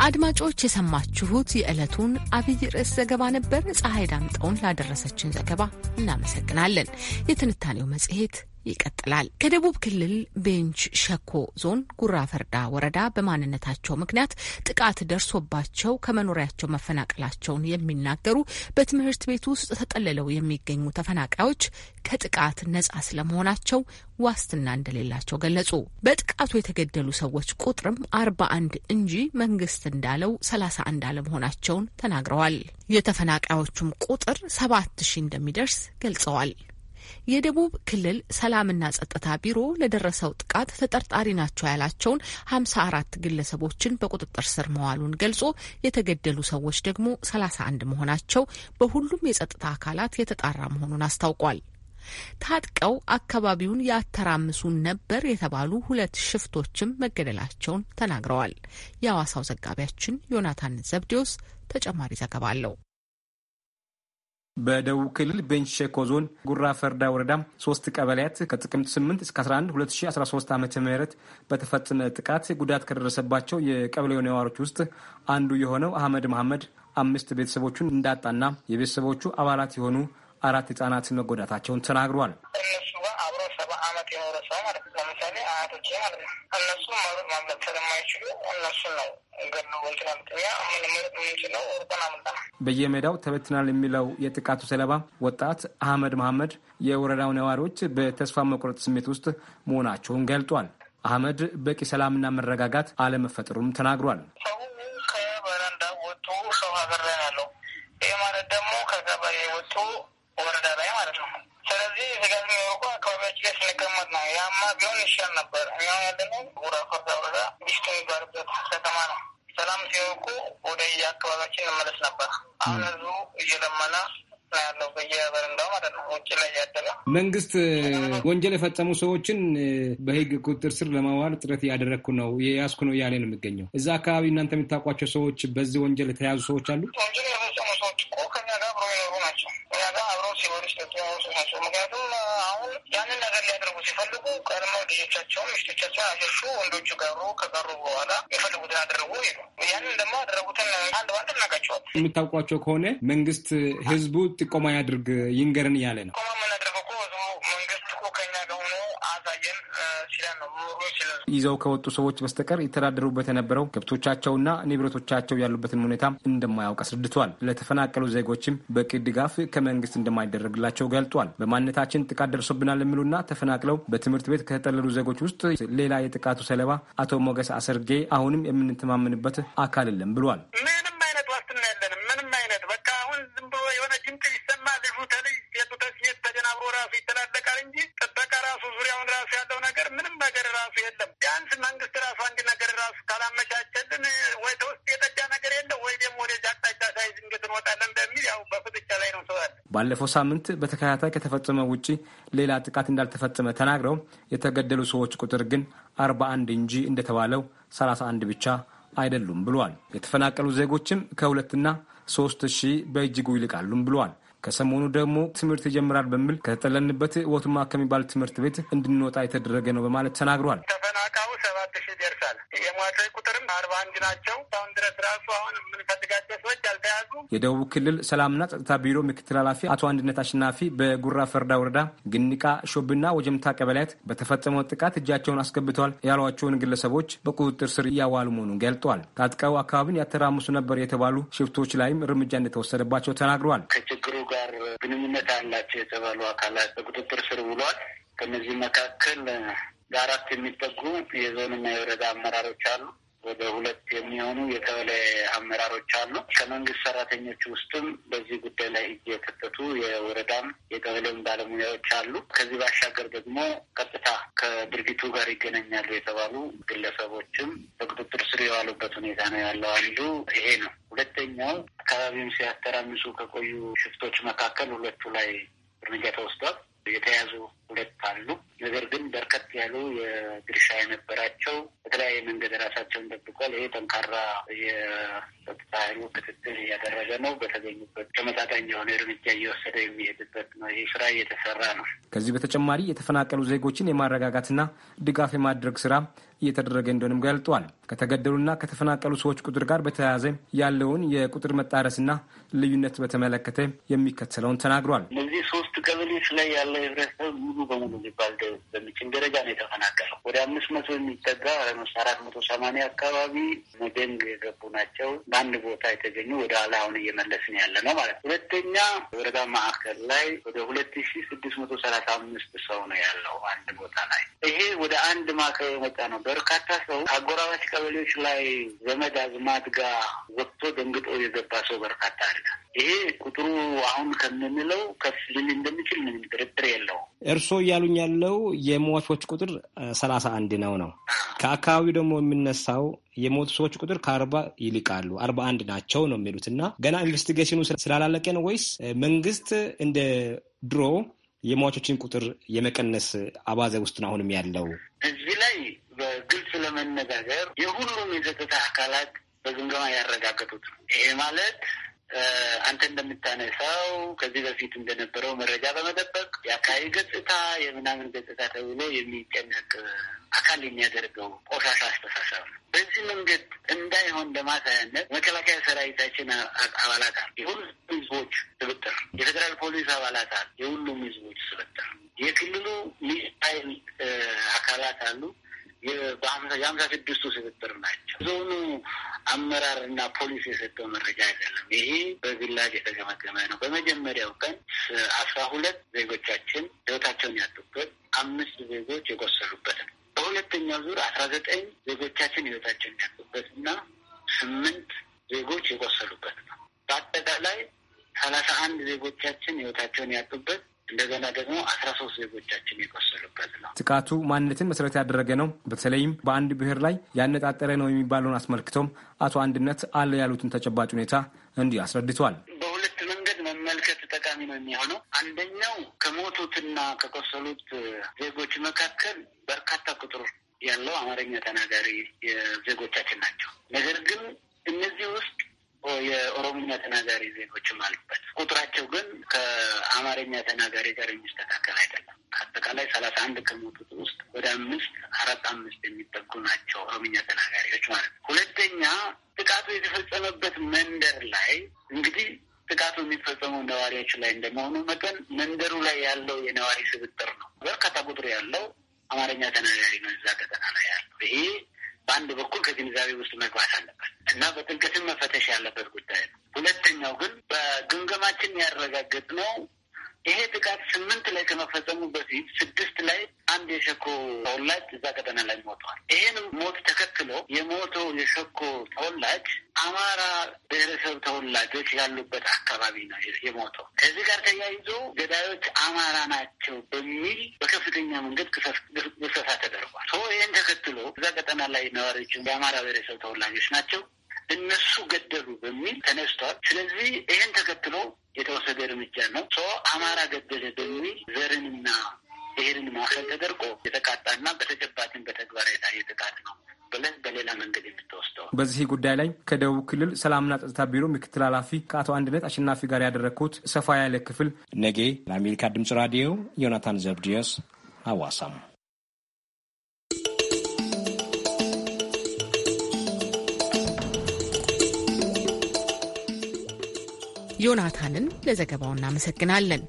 አድማጮች የሰማችሁት የዕለቱን አብይ ርዕስ ዘገባ ነበር። ፀሐይ ዳምጠውን ላደረሰችን ዘገባ እናመሰግናለን። የትንታኔው መጽሔት ይቀጥላል። ከደቡብ ክልል ቤንች ሸኮ ዞን ጉራ ፈርዳ ወረዳ በማንነታቸው ምክንያት ጥቃት ደርሶባቸው ከመኖሪያቸው መፈናቀላቸውን የሚናገሩ በትምህርት ቤት ውስጥ ተጠልለው የሚገኙ ተፈናቃዮች ከጥቃት ነጻ ስለመሆናቸው ዋስትና እንደሌላቸው ገለጹ። በጥቃቱ የተገደሉ ሰዎች ቁጥርም አርባ አንድ እንጂ መንግስት እንዳለው ሰላሳ አንድ አለመሆናቸውን ተናግረዋል። የተፈናቃዮቹም ቁጥር ሰባት ሺህ እንደሚደርስ ገልጸዋል። የደቡብ ክልል ሰላምና ጸጥታ ቢሮ ለደረሰው ጥቃት ተጠርጣሪ ናቸው ያላቸውን ሀምሳ አራት ግለሰቦችን በቁጥጥር ስር መዋሉን ገልጾ የተገደሉ ሰዎች ደግሞ ሰላሳ አንድ መሆናቸው በሁሉም የጸጥታ አካላት የተጣራ መሆኑን አስታውቋል። ታጥቀው አካባቢውን ያተራምሱ ነበር የተባሉ ሁለት ሽፍቶችም መገደላቸውን ተናግረዋል። የሐዋሳው ዘጋቢያችን ዮናታን ዘብዴዎስ ተጨማሪ ዘገባ አለው። በደቡብ ክልል ቤንች ሸኮ ዞን ጉራ ፈርዳ ወረዳ ሶስት ቀበሌያት ከጥቅምት 8 እስከ 11 2013 ዓ ም በተፈጸመ ጥቃት ጉዳት ከደረሰባቸው የቀበሌው ነዋሪዎች ውስጥ አንዱ የሆነው አህመድ መሐመድ አምስት ቤተሰቦቹን እንዳጣና የቤተሰቦቹ አባላት የሆኑ አራት ህጻናት መጎዳታቸውን ተናግሯል። እነሱ ጋር አብሮ ሰባ አመት የኖረ ሰው ማለት ነው። ለምሳሌ ማለት ነው። እነሱ ማምለጥ ስለማይችሉ እነሱ ነው በየሜዳው ተበትናል የሚለው የጥቃቱ ሰለባ ወጣት አህመድ መሐመድ የወረዳው ነዋሪዎች በተስፋ መቁረጥ ስሜት ውስጥ መሆናቸውን ገልጧል። አህመድ በቂ ሰላምና መረጋጋት አለመፈጠሩም ተናግሯል። ሰው ከበረንዳ ወጡ ሰው ሀገር ነበር። እኛ ያለነው ጉራ ፈርዛ ወረዳ ዲሽቶ የሚባልበት ከተማ ነው። ሰላም ሲወቁ ወደ የአካባቢያችን እንመለስ ነበር። አሁን ህዝቡ እየለመነ ያለው በየበረንዳው ማለት ነው። ውጭ ላይ ያደረ መንግስት ወንጀል የፈጸሙ ሰዎችን በህግ ቁጥጥር ስር ለማዋል ጥረት እያደረግኩ ነው የያዝኩ ነው እያለ ነው የሚገኘው። እዛ አካባቢ እናንተ የምታውቋቸው ሰዎች በዚህ ወንጀል የተያዙ ሰዎች አሉ ወንጀል ሲወርስ ተጠዋወሶች ናቸው። ምክንያቱም አሁን ያንን ነገር ሊያደርጉ ሲፈልጉ ቀድሞ ልጆቻቸውን ሚስቶቻቸውን አሸሹ። ወንዶቹ ቀሩ። ከቀሩ በኋላ የፈልጉትን አደረጉ። ያንን ደግሞ አደረጉትን አንድ ባንድ እናቃቸዋል። የምታውቋቸው ከሆነ መንግስት ህዝቡ ጥቆማ ያድርግ ይንገርን እያለ ነው። ጥቆማ የምናደርገው ይዘው ከወጡ ሰዎች በስተቀር የተዳደሩበት የነበረው ከብቶቻቸውና ንብረቶቻቸው ያሉበትን ሁኔታ እንደማያውቅ አስረድቷል። ለተፈናቀሉ ዜጎችም በቂ ድጋፍ ከመንግስት እንደማይደረግላቸው ገልጧል። በማንነታችን ጥቃት ደርሶብናል የሚሉና ተፈናቅለው በትምህርት ቤት ከተጠለሉ ዜጎች ውስጥ ሌላ የጥቃቱ ሰለባ አቶ ሞገስ አሰርጌ አሁንም የምንተማመንበት አካል የለም ብሏል። ምንም አይነት ዋስትና የለንም። ምንም አይነት በቃ አሁን ዝም ብሎ የሆነ ይሰማ ልጁ ተልጅ ሴቱ ተሴት ተደናብሮ ራሱ ይተላለቃል እንጂ ጥበቃ ራሱ ዙሪያውን ራሱ ያለው ነገር ምንም ነገር ራሱ የለም። ቢያንስ መንግስት ራሱ አንድ ነገር ራሱ ካላመቻቸልን ወይ ተውስጥ የጠጃ ነገር የለም ወይ ደግሞ ወደ ጃቅጣጫ ሳይዝ እንግት እንወጣለን በሚል ያው በፍጥጫ ላይ ነው ሰው ባለፈው ሳምንት በተከታታይ ከተፈጸመ ውጪ ሌላ ጥቃት እንዳልተፈጸመ ተናግረው የተገደሉ ሰዎች ቁጥር ግን አርባ አንድ እንጂ እንደተባለው ሰላሳ አንድ ብቻ አይደሉም ብሏል። የተፈናቀሉ ዜጎችም ከሁለትና ሶስት ሺህ በእጅጉ ይልቃሉም ብሏል። ከሰሞኑ ደግሞ ትምህርት ይጀምራል በሚል ከተጠለንበት ወቱማ ከሚባል ትምህርት ቤት እንድንወጣ የተደረገ ነው በማለት ተናግሯል። ተፈናቃዩ ሰባት ሺህ ይሞታል። የሟቾች ቁጥርም አርባ አንድ ናቸው። አሁን ድረስ ራሱ አሁን የምንፈልጋቸው ሰዎች አልተያዙ። የደቡብ ክልል ሰላምና ጸጥታ ቢሮ ምክትል ኃላፊ አቶ አንድነት አሸናፊ በጉራ ፈርዳ ወረዳ ግንቃ ሾብና ወጀምታ ቀበሌያት በተፈጸመው ጥቃት እጃቸውን አስገብተዋል ያሏቸውን ግለሰቦች በቁጥጥር ስር እያዋሉ መሆኑን ገልጠዋል። ታጥቀው አካባቢን ያተራምሱ ነበር የተባሉ ሽፍቶች ላይም እርምጃ እንደተወሰደባቸው ተናግረዋል። ከችግሩ ጋር ግንኙነት አላቸው የተባሉ አካላት በቁጥጥር ስር ውሏል። ከነዚህ መካከል ለአራት የሚጠጉ የዞንና የወረዳ አመራሮች አሉ። ወደ ሁለት የሚሆኑ የቀበሌ አመራሮች አሉ። ከመንግስት ሰራተኞች ውስጥም በዚህ ጉዳይ ላይ እጅ የከተቱ የወረዳም የቀበሌም ባለሙያዎች አሉ። ከዚህ ባሻገር ደግሞ ቀጥታ ከድርጊቱ ጋር ይገናኛሉ የተባሉ ግለሰቦችም በቁጥጥር ስር የዋሉበት ሁኔታ ነው ያለው። አንዱ ይሄ ነው። ሁለተኛው አካባቢውን ሲያተራምሱ ከቆዩ ሽፍቶች መካከል ሁለቱ ላይ እርምጃ ተወስዷል። የተያዙ ሁለት አሉ። ነገር ግን በርከት ያሉ የድርሻ የነበራቸው በተለያየ መንገድ ራሳቸውን ጠብቋል። ይሄ ጠንካራ የጸጥታ ኃይሉ ክትትል እያደረገ ነው። በተገኙበት ተመጣጣኝ የሆነ እርምጃ እየወሰደ የሚሄድበት ነው። ይህ ስራ እየተሰራ ነው። ከዚህ በተጨማሪ የተፈናቀሉ ዜጎችን የማረጋጋትና ድጋፍ የማድረግ ስራ እየተደረገ እንደሆነም ገልጧል። ከተገደሉና ከተፈናቀሉ ሰዎች ቁጥር ጋር በተያያዘ ያለውን የቁጥር መጣረስና ልዩነት በተመለከተ የሚከተለውን ተናግሯል። እነዚህ ሶስት ቀበሌዎች ላይ ያለው ህብረተሰብ ሙሉ በሙሉ የሚባል በሚችን ደረጃ ነው የተፈናቀለው። ወደ አምስት መቶ የሚጠጋ አራት መቶ ሰማንያ አካባቢ መደንግ የገቡ ናቸው። በአንድ ቦታ የተገኙ ወደ ኋላ አሁን እየመለስን ያለ ነው ማለት ነው። ሁለተኛ ወረዳ ማዕከል ላይ ወደ ሁለት ሺ ስድስት መቶ ሰላሳ አምስት ሰው ነው ያለው አንድ ቦታ ላይ። ይሄ ወደ አንድ ማዕከል የመጣ ነው። በርካታ ሰው አጎራባች ቀበሌዎች ላይ ዘመድ አዝማድ ጋር ወጥቶ ደንግጦ የገባ ሰው በርካታ አለ። ይሄ ቁጥሩ አሁን ከምንለው ከፍ ሊል እንደሚችል ምንም ጥርጥር የለው። እርስዎ እያሉኝ ያለው የሟቾች ቁጥር ሰላሳ አንድ ነው ነው ከአካባቢው ደግሞ የሚነሳው የሞቱ ሰዎች ቁጥር ከአርባ ይልቃሉ። አርባ አንድ ናቸው ነው የሚሉት እና ገና ኢንቨስቲጌሽኑ ስላላለቀ ነው ወይስ መንግስት እንደ ድሮ የሟቾችን ቁጥር የመቀነስ አባዜ ውስጥ ነው አሁንም ያለው? እዚህ ላይ በግልጽ ለመነጋገር የሁሉም የጸጥታ አካላት በግምገማ ያረጋገጡት ነው። ይሄ ማለት አንተ እንደምታነሳው ከዚህ በፊት እንደነበረው መረጃ በመጠበቅ የአካባቢ ገጽታ የምናምን ገጽታ ተብሎ የሚጨነቅ አካል የሚያደርገው ቆሻሻ አስተሳሰብ ነው። በዚህ መንገድ እንዳይሆን ለማሳያነት መከላከያ ሰራዊታችን አባላት አሉ። የሁሉም ህዝቦች ስብጥር፣ የፌዴራል ፖሊስ አባላት አሉ። የሁሉም ህዝቦች ስብጥር፣ የክልሉ ልዩ አካላት አሉ። የአምሳ ስድስቱ ስብጥር ናቸው። ዞኑ አመራር እና ፖሊስ የሰጠው መረጃ አይደለም። ይሄ በግላጅ የተገመገመ ነው። በመጀመሪያው ቀን አስራ ሁለት ዜጎቻችን ህይወታቸውን ያጡበት፣ አምስት ዜጎች የቆሰሉበት ነው። በሁለተኛው ዙር አስራ ዘጠኝ ዜጎቻችን ህይወታቸውን ያጡበት እና ስምንት ዜጎች የቆሰሉበት ነው። በአጠቃላይ ሰላሳ አንድ ዜጎቻችን ህይወታቸውን ያጡበት እንደገና ደግሞ አስራ ሶስት ዜጎቻችን የቆሰሉበት ነው። ጥቃቱ ማንነትን መሰረት ያደረገ ነው፣ በተለይም በአንድ ብሔር ላይ ያነጣጠረ ነው የሚባለውን አስመልክቶም አቶ አንድነት አለ ያሉትን ተጨባጭ ሁኔታ እንዲህ አስረድተዋል። በሁለት መንገድ መመልከት ጠቃሚ ነው የሚሆነው። አንደኛው ከሞቱትና ከቆሰሉት ዜጎች መካከል በርካታ ቁጥር ያለው አማርኛ ተናጋሪ ዜጎቻችን ናቸው። ነገር ግን እነዚህ ውስጥ የኦሮምኛ ተናጋሪ ዜጎችም አሉበት። ቁጥራቸው ግን ከአማርኛ ተናጋሪ ጋር የሚስተካከል አይደለም። ከአጠቃላይ ሰላሳ አንድ ከሞቱት ውስጥ ወደ አምስት አራት አምስት የሚጠጉ ናቸው ኦሮምኛ ተናጋሪዎች ማለት ነው። ሁለተኛ ጥቃቱ የተፈጸመበት መንደር ላይ እንግዲህ ጥቃቱ የሚፈጸመው ነዋሪዎች ላይ እንደመሆኑ መጠን መንደሩ ላይ ያለው የነዋሪ ስብጥር ነው። በርካታ ቁጥር ያለው አማርኛ ተናጋሪ ነው እዛ ቀጠና ላይ ያለው ይሄ በአንድ በኩል ከግንዛቤ ውስጥ መግባት አለበት እና በጥልቀትም መፈተሽ ያለበት ጉዳይ ነው። ሁለተኛው ግን በግምገማችን ያረጋገጥነው ይሄ ጥቃት ስምንት ላይ ከመፈጸሙ በፊት ስድስት ላይ አንድ የሸኮ ተወላጅ እዛ ቀጠና ላይ ሞተዋል። ይህን ሞት ተከትሎ የሞተው የሸኮ ተወላጅ አማራ ብሔረሰብ ተወላጆች ያሉበት አካባቢ ነው የሞተው። ከዚህ ጋር ተያይዞ ገዳዮች አማራ ናቸው በሚል በከፍተኛ መንገድ ግሰሳ ተደርጓል። ይህን ተከትሎ እዛ ቀጠና ላይ ነዋሪዎች የአማራ ብሔረሰብ ተወላጆች ናቸው እነሱ ገደሉ በሚል ተነስቷል። ስለዚህ ይህን ተከትሎ የተወሰደ እርምጃ ነው። ሰው አማራ ገደለ በሚል ዘርንና ብሔርን ማዕከል ተደርጎ የተቃጣና በተጨባጭን በተግባር የታየ ጥቃት ነው ብለን በሌላ መንገድ የምትወስደው። በዚህ ጉዳይ ላይ ከደቡብ ክልል ሰላምና ጸጥታ ቢሮ ምክትል ኃላፊ ከአቶ አንድነት አሸናፊ ጋር ያደረግኩት ሰፋ ያለ ክፍል ነገ ለአሜሪካ ድምጽ ራዲዮ ዮናታን ዘብድዮስ አዋሳም ዮናታንን ለዘገባው እናመሰግናለን።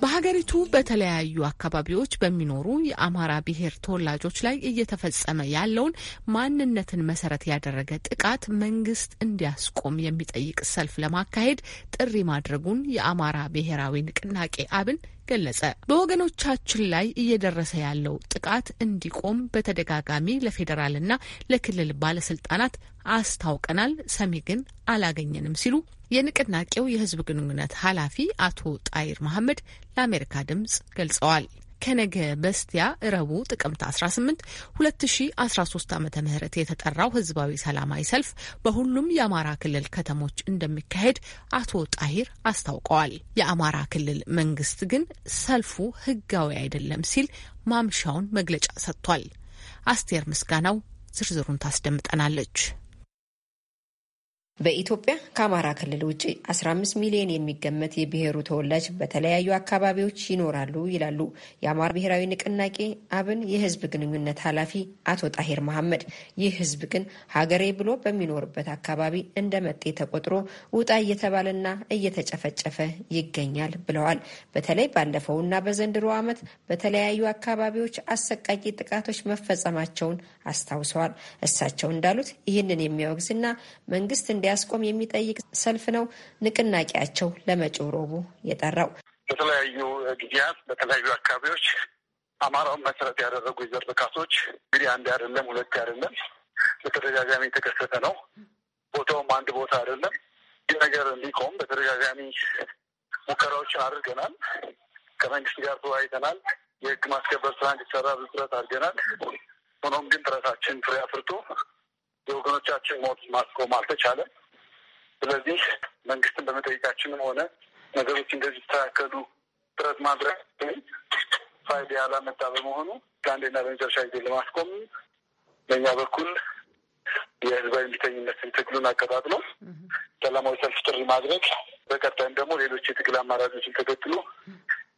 በሀገሪቱ በተለያዩ አካባቢዎች በሚኖሩ የአማራ ብሔር ተወላጆች ላይ እየተፈጸመ ያለውን ማንነትን መሰረት ያደረገ ጥቃት መንግስት እንዲያስቆም የሚጠይቅ ሰልፍ ለማካሄድ ጥሪ ማድረጉን የአማራ ብሔራዊ ንቅናቄ አብን ገለጸ። በወገኖቻችን ላይ እየደረሰ ያለው ጥቃት እንዲቆም በተደጋጋሚ ለፌዴራልና ለክልል ባለስልጣናት አስታውቀናል፣ ሰሚ ግን አላገኘንም ሲሉ የንቅናቄው የህዝብ ግንኙነት ኃላፊ አቶ ጣይር መሐመድ ለአሜሪካ ድምጽ ገልጸዋል። ከነገ በስቲያ እረቡ ጥቅምት 18 2013 ዓ ም የተጠራው ህዝባዊ ሰላማዊ ሰልፍ በሁሉም የአማራ ክልል ከተሞች እንደሚካሄድ አቶ ጣሂር አስታውቀዋል። የአማራ ክልል መንግስት ግን ሰልፉ ህጋዊ አይደለም ሲል ማምሻውን መግለጫ ሰጥቷል። አስቴር ምስጋናው ዝርዝሩን ታስደምጠናለች። በኢትዮጵያ ከአማራ ክልል ውጭ 15 ሚሊዮን የሚገመት የብሔሩ ተወላጅ በተለያዩ አካባቢዎች ይኖራሉ ይላሉ የአማራ ብሔራዊ ንቅናቄ አብን የህዝብ ግንኙነት ኃላፊ አቶ ጣሂር መሐመድ። ይህ ህዝብ ግን ሀገሬ ብሎ በሚኖርበት አካባቢ እንደ መጤ ተቆጥሮ ውጣ እየተባለና እየተጨፈጨፈ ይገኛል ብለዋል። በተለይ ባለፈውና በዘንድሮ ዓመት በተለያዩ አካባቢዎች አሰቃቂ ጥቃቶች መፈጸማቸውን አስታውሰዋል። እሳቸው እንዳሉት ይህንን የሚያወግዝና መንግስት እንዲ እንዲያስቆም የሚጠይቅ ሰልፍ ነው ንቅናቄያቸው ለመጪው ረቡዕ የጠራው። በተለያዩ ጊዜያት በተለያዩ አካባቢዎች አማራውን መሰረት ያደረጉ የዘር ጥቃቶች እንግዲህ አንድ አይደለም፣ ሁለት አይደለም፣ በተደጋጋሚ የተከሰተ ነው። ቦታውም አንድ ቦታ አይደለም። ይህ ነገር እንዲቆም በተደጋጋሚ ሙከራዎችን አድርገናል። ከመንግስት ጋር ተወያይተናል። የህግ ማስከበር ስራ እንዲሰራ ብዙ ጥረት አድርገናል። ሆኖም ግን ጥረታችን ፍሬ አፍርቶ የወገኖቻችን ሞት ማስቆም አልተቻለም። ስለዚህ መንግስትን በመጠየቃችንም ሆነ ነገሮች እንደዚህ ተስተካከሉ ጥረት ማድረግ ፋይዳ ያላመጣ በመሆኑ ከአንዴና በመጨረሻ ጊዜ ለማስቆም በእኛ በኩል የህዝባዊ እምቢተኝነትን ትግሉን አቀጣጥሎ ሰላማዊ ሰልፍ ጥሪ ማድረግ፣ በቀጣይም ደግሞ ሌሎች የትግል አማራጮችን ተከትሎ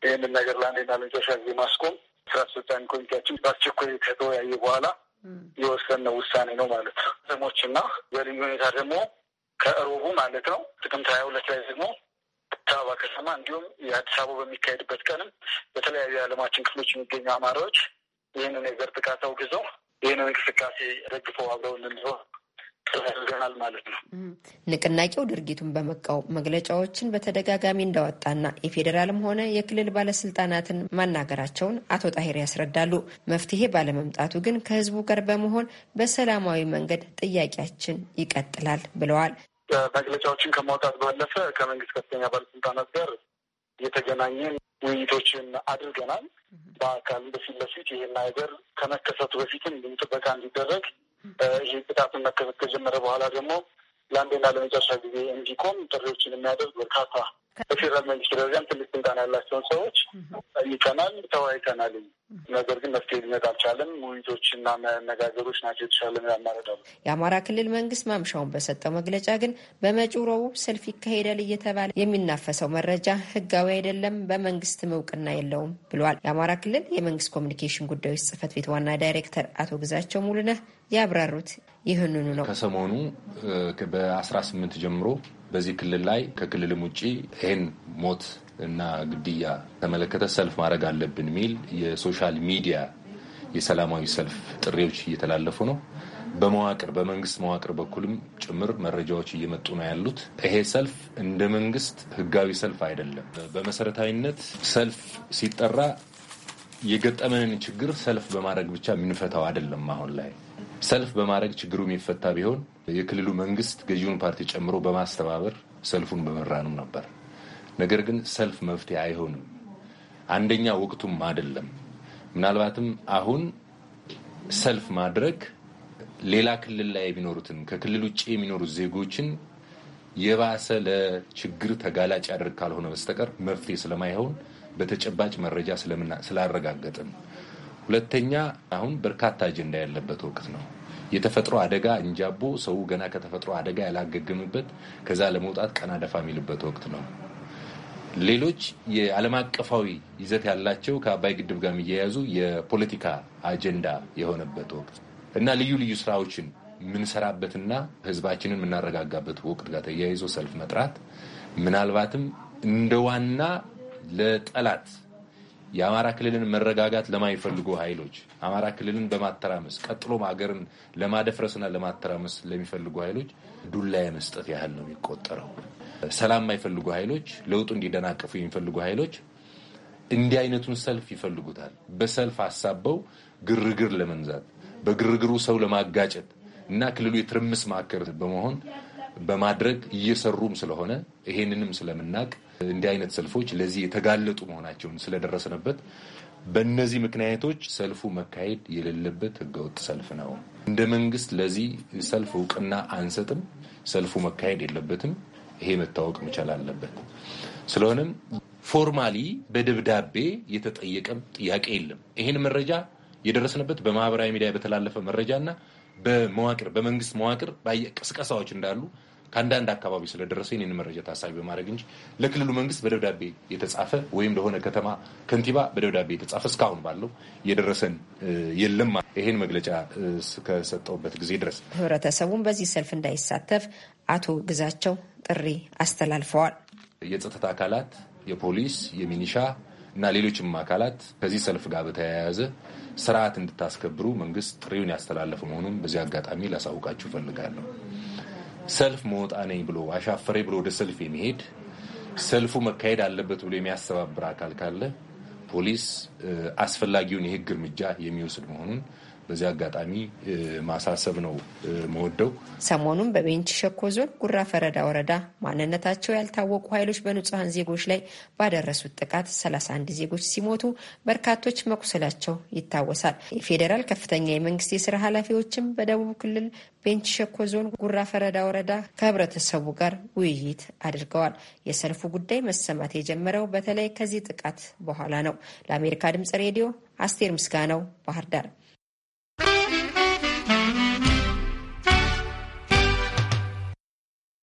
ይህንን ነገር ለአንዴና ለመጨረሻ ጊዜ ማስቆም ስራ አስፈጻሚ ኮሚቴያችን በአስቸኳይ ከተወያየ በኋላ የወሰንነው ውሳኔ ነው ማለት ነው። ስሞች በልዩ ሁኔታ ደግሞ ከእሮቡ ማለት ነው ጥቅምት ሀያ ሁለት ላይ ደግሞ አዲስ አበባ ከተማ እንዲሁም የአዲስ አበባ በሚካሄድበት ቀንም በተለያዩ የዓለማችን ክፍሎች የሚገኙ አማራዎች ይህንን የዘር ጥቃት አውግዘው ይህንን እንቅስቃሴ ደግፈው አብረው እንዲሆን ያደርገናል ማለት ነው። ንቅናቄው ድርጊቱን በመቃወም መግለጫዎችን በተደጋጋሚ እንዳወጣና የፌዴራልም ሆነ የክልል ባለስልጣናትን ማናገራቸውን አቶ ጣሄር ያስረዳሉ። መፍትሄ ባለመምጣቱ ግን ከህዝቡ ጋር በመሆን በሰላማዊ መንገድ ጥያቄያችን ይቀጥላል ብለዋል። መግለጫዎችን ከማውጣት ባለፈ ከመንግስት ከፍተኛ ባለስልጣናት ጋር የተገናኘን ውይይቶችን አድርገናል። በአካል በፊት ለፊት ይህን ነገር ከመከሰቱ በፊትም ጥበቃ እንዲደረግ ይህ ጥቃትና መከሰት ከጀመረ በኋላ ደግሞ ለአንዴና ለመጨረሻ ጊዜ እንዲቆም ጥሪዎችን የሚያደርግ በርካታ በፌዴራል መንግስት ደረጃም ትልቅ ስልጣን ያላቸውን ሰዎች ጠይቀናል፣ ተወያይተናል። ነገር ግን መፍትሄ ሊመጣ አልቻለም። ውይይቶችና መነጋገሮች ናቸው የተሻለ ያማረዳሉ። የአማራ ክልል መንግስት ማምሻውን በሰጠው መግለጫ ግን በመጪው ረቡዕ ሰልፍ ይካሄዳል እየተባለ የሚናፈሰው መረጃ ህጋዊ አይደለም፣ በመንግስትም እውቅና የለውም ብሏል። የአማራ ክልል የመንግስት ኮሚኒኬሽን ጉዳዮች ጽህፈት ቤት ዋና ዳይሬክተር አቶ ግዛቸው ሙሉነህ ያብራሩት ይህንኑ ነው። ከሰሞኑ በአስራ ስምንት ጀምሮ በዚህ ክልል ላይ ከክልልም ውጭ ይህን ሞት እና ግድያ ተመለከተ ሰልፍ ማድረግ አለብን የሚል የሶሻል ሚዲያ የሰላማዊ ሰልፍ ጥሪዎች እየተላለፉ ነው። በመዋቅር በመንግስት መዋቅር በኩልም ጭምር መረጃዎች እየመጡ ነው ያሉት። ይሄ ሰልፍ እንደ መንግስት ህጋዊ ሰልፍ አይደለም። በመሰረታዊነት ሰልፍ ሲጠራ የገጠመንን ችግር ሰልፍ በማድረግ ብቻ የምንፈታው አይደለም አሁን ላይ ሰልፍ በማድረግ ችግሩ የሚፈታ ቢሆን የክልሉ መንግስት ገዢውን ፓርቲ ጨምሮ በማስተባበር ሰልፉን በመራንም ነበር። ነገር ግን ሰልፍ መፍትሄ አይሆንም። አንደኛ ወቅቱም አይደለም። ምናልባትም አሁን ሰልፍ ማድረግ ሌላ ክልል ላይ የሚኖሩትን ከክልል ውጭ የሚኖሩት ዜጎችን የባሰ ለችግር ተጋላጭ ያደርግ ካልሆነ በስተቀር መፍትሄ ስለማይሆን በተጨባጭ መረጃ ስላረጋገጥን ሁለተኛ አሁን በርካታ አጀንዳ ያለበት ወቅት ነው። የተፈጥሮ አደጋ እንጃቦ ሰው ገና ከተፈጥሮ አደጋ ያላገገምበት ከዛ ለመውጣት ቀና ደፋ የሚልበት ወቅት ነው። ሌሎች የዓለም አቀፋዊ ይዘት ያላቸው ከአባይ ግድብ ጋር የሚያያዙ የፖለቲካ አጀንዳ የሆነበት ወቅት እና ልዩ ልዩ ስራዎችን የምንሰራበትና ህዝባችንን የምናረጋጋበት ወቅት ጋር ተያይዞ ሰልፍ መጥራት ምናልባትም እንደ ዋና ለጠላት የአማራ ክልልን መረጋጋት ለማይፈልጉ ኃይሎች አማራ ክልልን በማተራመስ ቀጥሎም ሀገርን ለማደፍረስና ለማተራመስ ለሚፈልጉ ኃይሎች ዱላ የመስጠት ያህል ነው የሚቆጠረው። ሰላም የማይፈልጉ ኃይሎች፣ ለውጡ እንዲደናቀፉ የሚፈልጉ ኃይሎች እንዲህ አይነቱን ሰልፍ ይፈልጉታል። በሰልፍ አሳበው ግርግር ለመንዛት በግርግሩ ሰው ለማጋጨት እና ክልሉ የትርምስ ማዕከል በመሆን በማድረግ እየሰሩም ስለሆነ ይሄንንም ስለምናቅ እንዲህ አይነት ሰልፎች ለዚህ የተጋለጡ መሆናቸውን ስለደረሰንበት በእነዚህ ምክንያቶች ሰልፉ መካሄድ የሌለበት ህገወጥ ሰልፍ ነው። እንደ መንግስት ለዚህ ሰልፍ እውቅና አንሰጥም። ሰልፉ መካሄድ የለበትም። ይሄ መታወቅ መቻል አለበት። ስለሆነም ፎርማሊ በደብዳቤ የተጠየቀም ጥያቄ የለም። ይህን መረጃ የደረስንበት በማህበራዊ ሚዲያ በተላለፈ መረጃ እና በመዋቅር በመንግስት መዋቅር ቅስቀሳዎች እንዳሉ ከአንዳንድ አካባቢ ስለደረሰ ይህንን መረጃ ታሳቢ በማድረግ እንጂ ለክልሉ መንግስት በደብዳቤ የተጻፈ ወይም ለሆነ ከተማ ከንቲባ በደብዳቤ የተጻፈ እስካሁን ባለው የደረሰን የለም። ይሄን መግለጫ እስከሰጠውበት ጊዜ ድረስ ህብረተሰቡን በዚህ ሰልፍ እንዳይሳተፍ አቶ ግዛቸው ጥሪ አስተላልፈዋል። የጸጥታ አካላት የፖሊስ፣ የሚኒሻ እና ሌሎችም አካላት ከዚህ ሰልፍ ጋር በተያያዘ ስርዓት እንድታስከብሩ መንግስት ጥሪውን ያስተላለፈ መሆኑን በዚህ አጋጣሚ ላሳውቃችሁ እፈልጋለሁ። ሰልፍ መወጣ ነኝ ብሎ አሻፈሬ ብሎ ወደ ሰልፍ የሚሄድ ሰልፉ መካሄድ አለበት ብሎ የሚያስተባብር አካል ካለ ፖሊስ አስፈላጊውን የሕግ እርምጃ የሚወስድ መሆኑን በዚህ አጋጣሚ ማሳሰብ ነው መወደው። ሰሞኑን በቤንች ሸኮ ዞን ጉራ ፈረዳ ወረዳ ማንነታቸው ያልታወቁ ኃይሎች በንጹሐን ዜጎች ላይ ባደረሱት ጥቃት 31 ዜጎች ሲሞቱ በርካቶች መቁሰላቸው ይታወሳል። የፌዴራል ከፍተኛ የመንግስት የስራ ኃላፊዎችም በደቡብ ክልል ቤንች ሸኮ ዞን ጉራ ፈረዳ ወረዳ ከህብረተሰቡ ጋር ውይይት አድርገዋል። የሰልፉ ጉዳይ መሰማት የጀመረው በተለይ ከዚህ ጥቃት በኋላ ነው። ለአሜሪካ ድምጽ ሬዲዮ አስቴር ምስጋናው ባህር ዳር።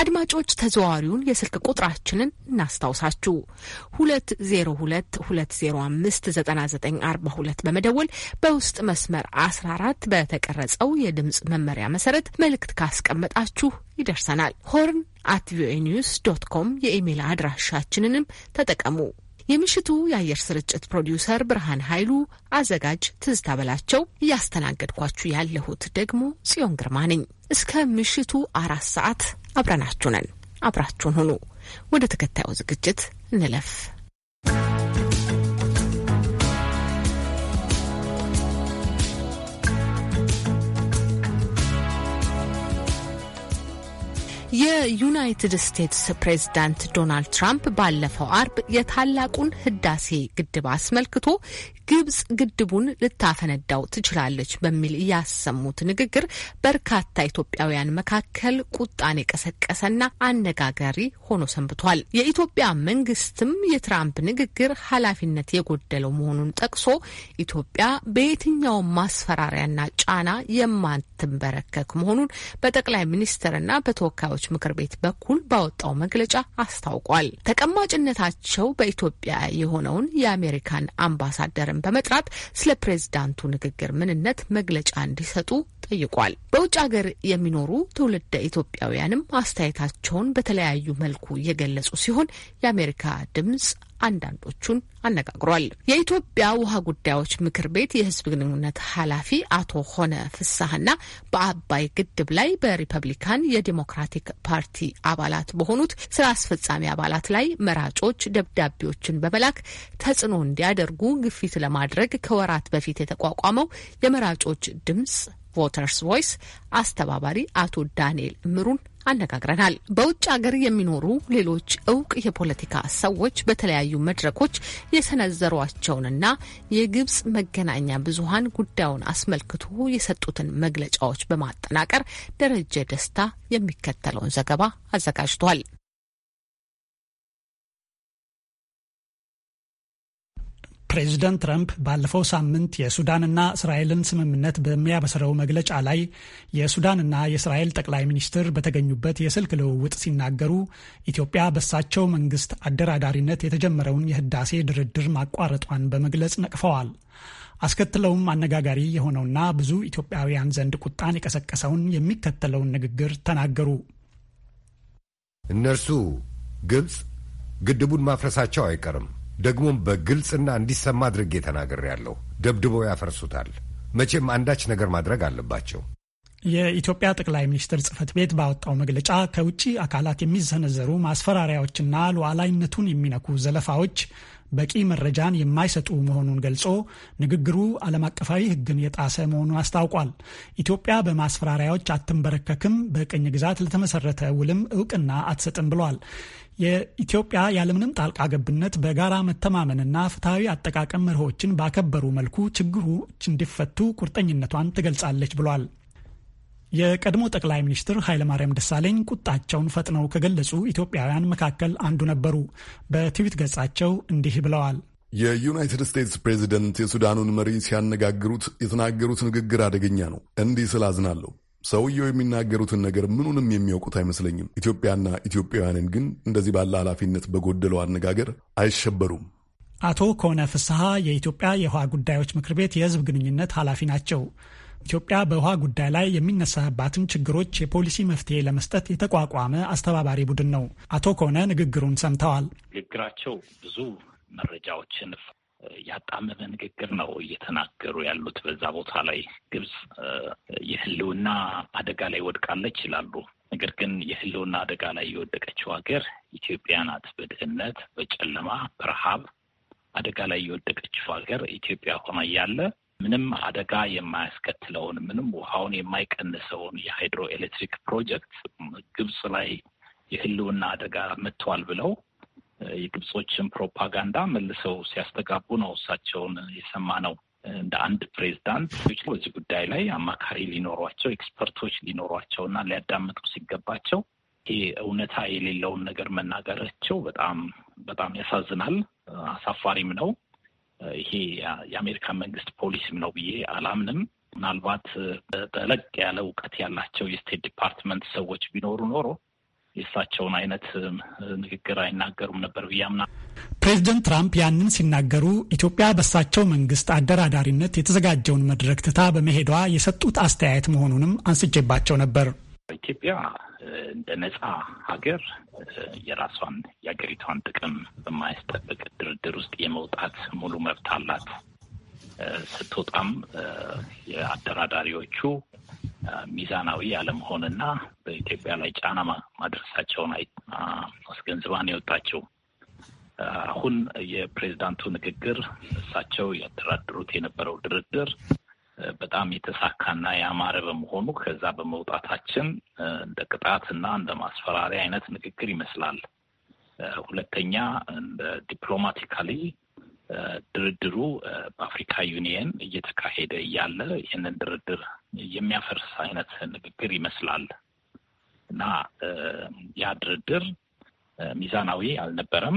አድማጮች ተዘዋዋሪውን የስልክ ቁጥራችንን እናስታውሳችሁ ሁለት ዜሮ ሁለት ሁለት ዜሮ አምስት ዘጠና ዘጠኝ አርባ ሁለት በመደወል በውስጥ መስመር አስራ አራት በተቀረጸው የድምጽ መመሪያ መሰረት መልእክት ካስቀመጣችሁ ይደርሰናል። ሆርን አት ቪኦኤ ኒውስ ዶት ኮም የኢሜይል አድራሻችንንም ተጠቀሙ። የምሽቱ የአየር ስርጭት ፕሮዲውሰር ብርሃን ኃይሉ፣ አዘጋጅ ትዝታ በላቸው፣ እያስተናገድኳችሁ ያለሁት ደግሞ ጽዮን ግርማ ነኝ። እስከ ምሽቱ አራት ሰዓት አብረናችሁ ነን። አብራችሁን ሁኑ። ወደ ተከታዩ ዝግጅት እንለፍ። የዩናይትድ ስቴትስ ፕሬዝዳንት ዶናልድ ትራምፕ ባለፈው አርብ የታላቁን ህዳሴ ግድብ አስመልክቶ ግብጽ ግድቡን ልታፈነዳው ትችላለች በሚል ያሰሙት ንግግር በርካታ ኢትዮጵያውያን መካከል ቁጣን የቀሰቀሰና አነጋጋሪ ሆኖ ሰንብቷል። የኢትዮጵያ መንግስትም የትራምፕ ንግግር ኃላፊነት የጎደለው መሆኑን ጠቅሶ ኢትዮጵያ በየትኛውም ማስፈራሪያና ጫና የማትንበረከክ መሆኑን በጠቅላይ ሚኒስትርና በተወካዮች በተወካዮች ምክር ቤት በኩል ባወጣው መግለጫ አስታውቋል። ተቀማጭነታቸው በኢትዮጵያ የሆነውን የአሜሪካን አምባሳደርን በመጥራት ስለ ፕሬዝዳንቱ ንግግር ምንነት መግለጫ እንዲሰጡ ጠይቋል። በውጭ ሀገር የሚኖሩ ትውልደ ኢትዮጵያውያንም አስተያየታቸውን በተለያዩ መልኩ እየገለጹ ሲሆን የአሜሪካ ድምጽ አንዳንዶቹን አነጋግሯል። የኢትዮጵያ ውሃ ጉዳዮች ምክር ቤት የህዝብ ግንኙነት ኃላፊ አቶ ሆነ ፍሳህና በአባይ ግድብ ላይ በሪፐብሊካን የዲሞክራቲክ ፓርቲ አባላት በሆኑት ስራ አስፈጻሚ አባላት ላይ መራጮች ደብዳቤዎችን በመላክ ተጽዕኖ እንዲያደርጉ ግፊት ለማድረግ ከወራት በፊት የተቋቋመው የመራጮች ድምጽ ቮተርስ ቮይስ አስተባባሪ አቶ ዳንኤል ምሩን አነጋግረናል። በውጭ ሀገር የሚኖሩ ሌሎች እውቅ የፖለቲካ ሰዎች በተለያዩ መድረኮች የሰነዘሯቸውንና የግብጽ መገናኛ ብዙሀን ጉዳዩን አስመልክቶ የሰጡትን መግለጫዎች በማጠናቀር ደረጀ ደስታ የሚከተለውን ዘገባ አዘጋጅቷል። ፕሬዚደንት ትረምፕ ባለፈው ሳምንት የሱዳንና እስራኤልን ስምምነት በሚያበስረው መግለጫ ላይ የሱዳንና የእስራኤል ጠቅላይ ሚኒስትር በተገኙበት የስልክ ልውውጥ ሲናገሩ ኢትዮጵያ በሳቸው መንግስት አደራዳሪነት የተጀመረውን የህዳሴ ድርድር ማቋረጧን በመግለጽ ነቅፈዋል። አስከትለውም አነጋጋሪ የሆነውና ብዙ ኢትዮጵያውያን ዘንድ ቁጣን የቀሰቀሰውን የሚከተለውን ንግግር ተናገሩ። እነርሱ ግብፅ ግድቡን ማፍረሳቸው አይቀርም ደግሞም በግልጽና እንዲሰማ አድርጌ ተናገር ያለሁ ደብድበው ያፈርሱታል። መቼም አንዳች ነገር ማድረግ አለባቸው። የኢትዮጵያ ጠቅላይ ሚኒስትር ጽህፈት ቤት ባወጣው መግለጫ ከውጭ አካላት የሚሰነዘሩ ማስፈራሪያዎችና ሉዓላዊነቱን የሚነኩ ዘለፋዎች በቂ መረጃን የማይሰጡ መሆኑን ገልጾ ንግግሩ ዓለም አቀፋዊ ሕግን የጣሰ መሆኑን አስታውቋል። ኢትዮጵያ በማስፈራሪያዎች አትንበረከክም፣ በቅኝ ግዛት ለተመሰረተ ውልም እውቅና አትሰጥም ብሏል። የኢትዮጵያ ያለምንም ጣልቃ ገብነት በጋራ መተማመንና ፍትሐዊ አጠቃቀም መርሆችን ባከበሩ መልኩ ችግሮች እንዲፈቱ ቁርጠኝነቷን ትገልጻለች ብሏል። የቀድሞ ጠቅላይ ሚኒስትር ኃይለማርያም ደሳለኝ ቁጣቸውን ፈጥነው ከገለጹ ኢትዮጵያውያን መካከል አንዱ ነበሩ። በትዊት ገጻቸው እንዲህ ብለዋል። የዩናይትድ ስቴትስ ፕሬዚደንት የሱዳኑን መሪ ሲያነጋግሩት የተናገሩት ንግግር አደገኛ ነው። እንዲህ ስል አዝናለሁ። ሰውየው የሚናገሩትን ነገር ምኑንም የሚያውቁት አይመስለኝም። ኢትዮጵያና ኢትዮጵያውያንን ግን እንደዚህ ባለ ኃላፊነት በጎደለው አነጋገር አይሸበሩም። አቶ ከሆነ ፍስሐ የኢትዮጵያ የውሃ ጉዳዮች ምክር ቤት የህዝብ ግንኙነት ኃላፊ ናቸው። ኢትዮጵያ በውሃ ጉዳይ ላይ የሚነሳባትን ችግሮች የፖሊሲ መፍትሄ ለመስጠት የተቋቋመ አስተባባሪ ቡድን ነው። አቶ ከሆነ ንግግሩን ሰምተዋል። ንግግራቸው ብዙ መረጃዎችን ያጣመመ ንግግር ነው እየተናገሩ ያሉት። በዛ ቦታ ላይ ግብጽ የህልውና አደጋ ላይ ወድቃለች ይላሉ። ነገር ግን የህልውና አደጋ ላይ የወደቀችው ሀገር ኢትዮጵያ ናት። በድህነት፣ በጨለማ፣ በረሃብ አደጋ ላይ የወደቀችው ሀገር ኢትዮጵያ ሆና እያለ ምንም አደጋ የማያስከትለውን ምንም ውሃውን የማይቀንሰውን የሃይድሮ ኤሌክትሪክ ፕሮጀክት ግብጽ ላይ የህልውና አደጋ መጥቷል ብለው የግብጾችን ፕሮፓጋንዳ መልሰው ሲያስተጋቡ ነው እሳቸውን የሰማ ነው። እንደ አንድ ፕሬዚዳንት በዚህ ጉዳይ ላይ አማካሪ ሊኖሯቸው፣ ኤክስፐርቶች ሊኖሯቸው እና ሊያዳምጡ ሲገባቸው ይሄ እውነታ የሌለውን ነገር መናገራቸው በጣም በጣም ያሳዝናል፣ አሳፋሪም ነው። ይሄ የአሜሪካ መንግስት ፖሊሲም ነው ብዬ አላምንም። ምናልባት ጠለቅ ያለ እውቀት ያላቸው የስቴት ዲፓርትመንት ሰዎች ቢኖሩ ኖሮ የእሳቸውን አይነት ንግግር አይናገሩም ነበር ብዬ ፕሬዚደንት ትራምፕ ያንን ሲናገሩ ኢትዮጵያ በእሳቸው መንግስት አደራዳሪነት የተዘጋጀውን መድረክ ትታ በመሄዷ የሰጡት አስተያየት መሆኑንም አንስቼባቸው ነበር። ኢትዮጵያ እንደ ነጻ ሀገር የራሷን የሀገሪቷን ጥቅም በማያስጠብቅ ድርድር ውስጥ የመውጣት ሙሉ መብት አላት። ስትወጣም የአደራዳሪዎቹ ሚዛናዊ ያለመሆንና በኢትዮጵያ ላይ ጫና ማድረሳቸውን አስገንዝባን የወጣቸው። አሁን የፕሬዚዳንቱ ንግግር እሳቸው ያደራድሩት የነበረው ድርድር በጣም የተሳካና ያማረ በመሆኑ ከዛ በመውጣታችን እንደ ቅጣትና እንደ ማስፈራሪያ አይነት ንግግር ይመስላል። ሁለተኛ እንደ ዲፕሎማቲካሊ ድርድሩ በአፍሪካ ዩኒየን እየተካሄደ እያለ ይህንን ድርድር የሚያፈርስ አይነት ንግግር ይመስላል እና ያ ድርድር ሚዛናዊ አልነበረም።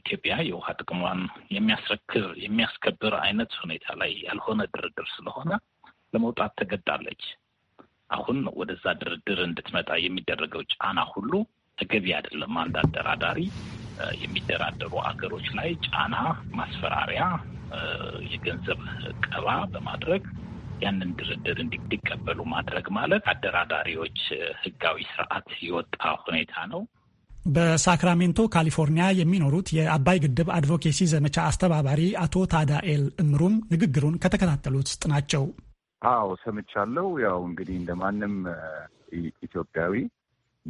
ኢትዮጵያ የውሃ ጥቅሟን የሚያስረክር የሚያስከብር አይነት ሁኔታ ላይ ያልሆነ ድርድር ስለሆነ ለመውጣት ተገዳለች። አሁን ወደዛ ድርድር እንድትመጣ የሚደረገው ጫና ሁሉ ተገቢ አይደለም። አንድ አደራዳሪ የሚደራደሩ አገሮች ላይ ጫና፣ ማስፈራሪያ፣ የገንዘብ ቀባ በማድረግ ያንን ድርድር እንዲቀበሉ ማድረግ ማለት አደራዳሪዎች ህጋዊ ስርዓት የወጣ ሁኔታ ነው። በሳክራሜንቶ ካሊፎርኒያ የሚኖሩት የአባይ ግድብ አድቮኬሲ ዘመቻ አስተባባሪ አቶ ታዳኤል እምሩም ንግግሩን ከተከታተሉት ውስጥ ናቸው። አዎ ሰምቻለሁ። ያው እንግዲህ እንደ ማንም ኢትዮጵያዊ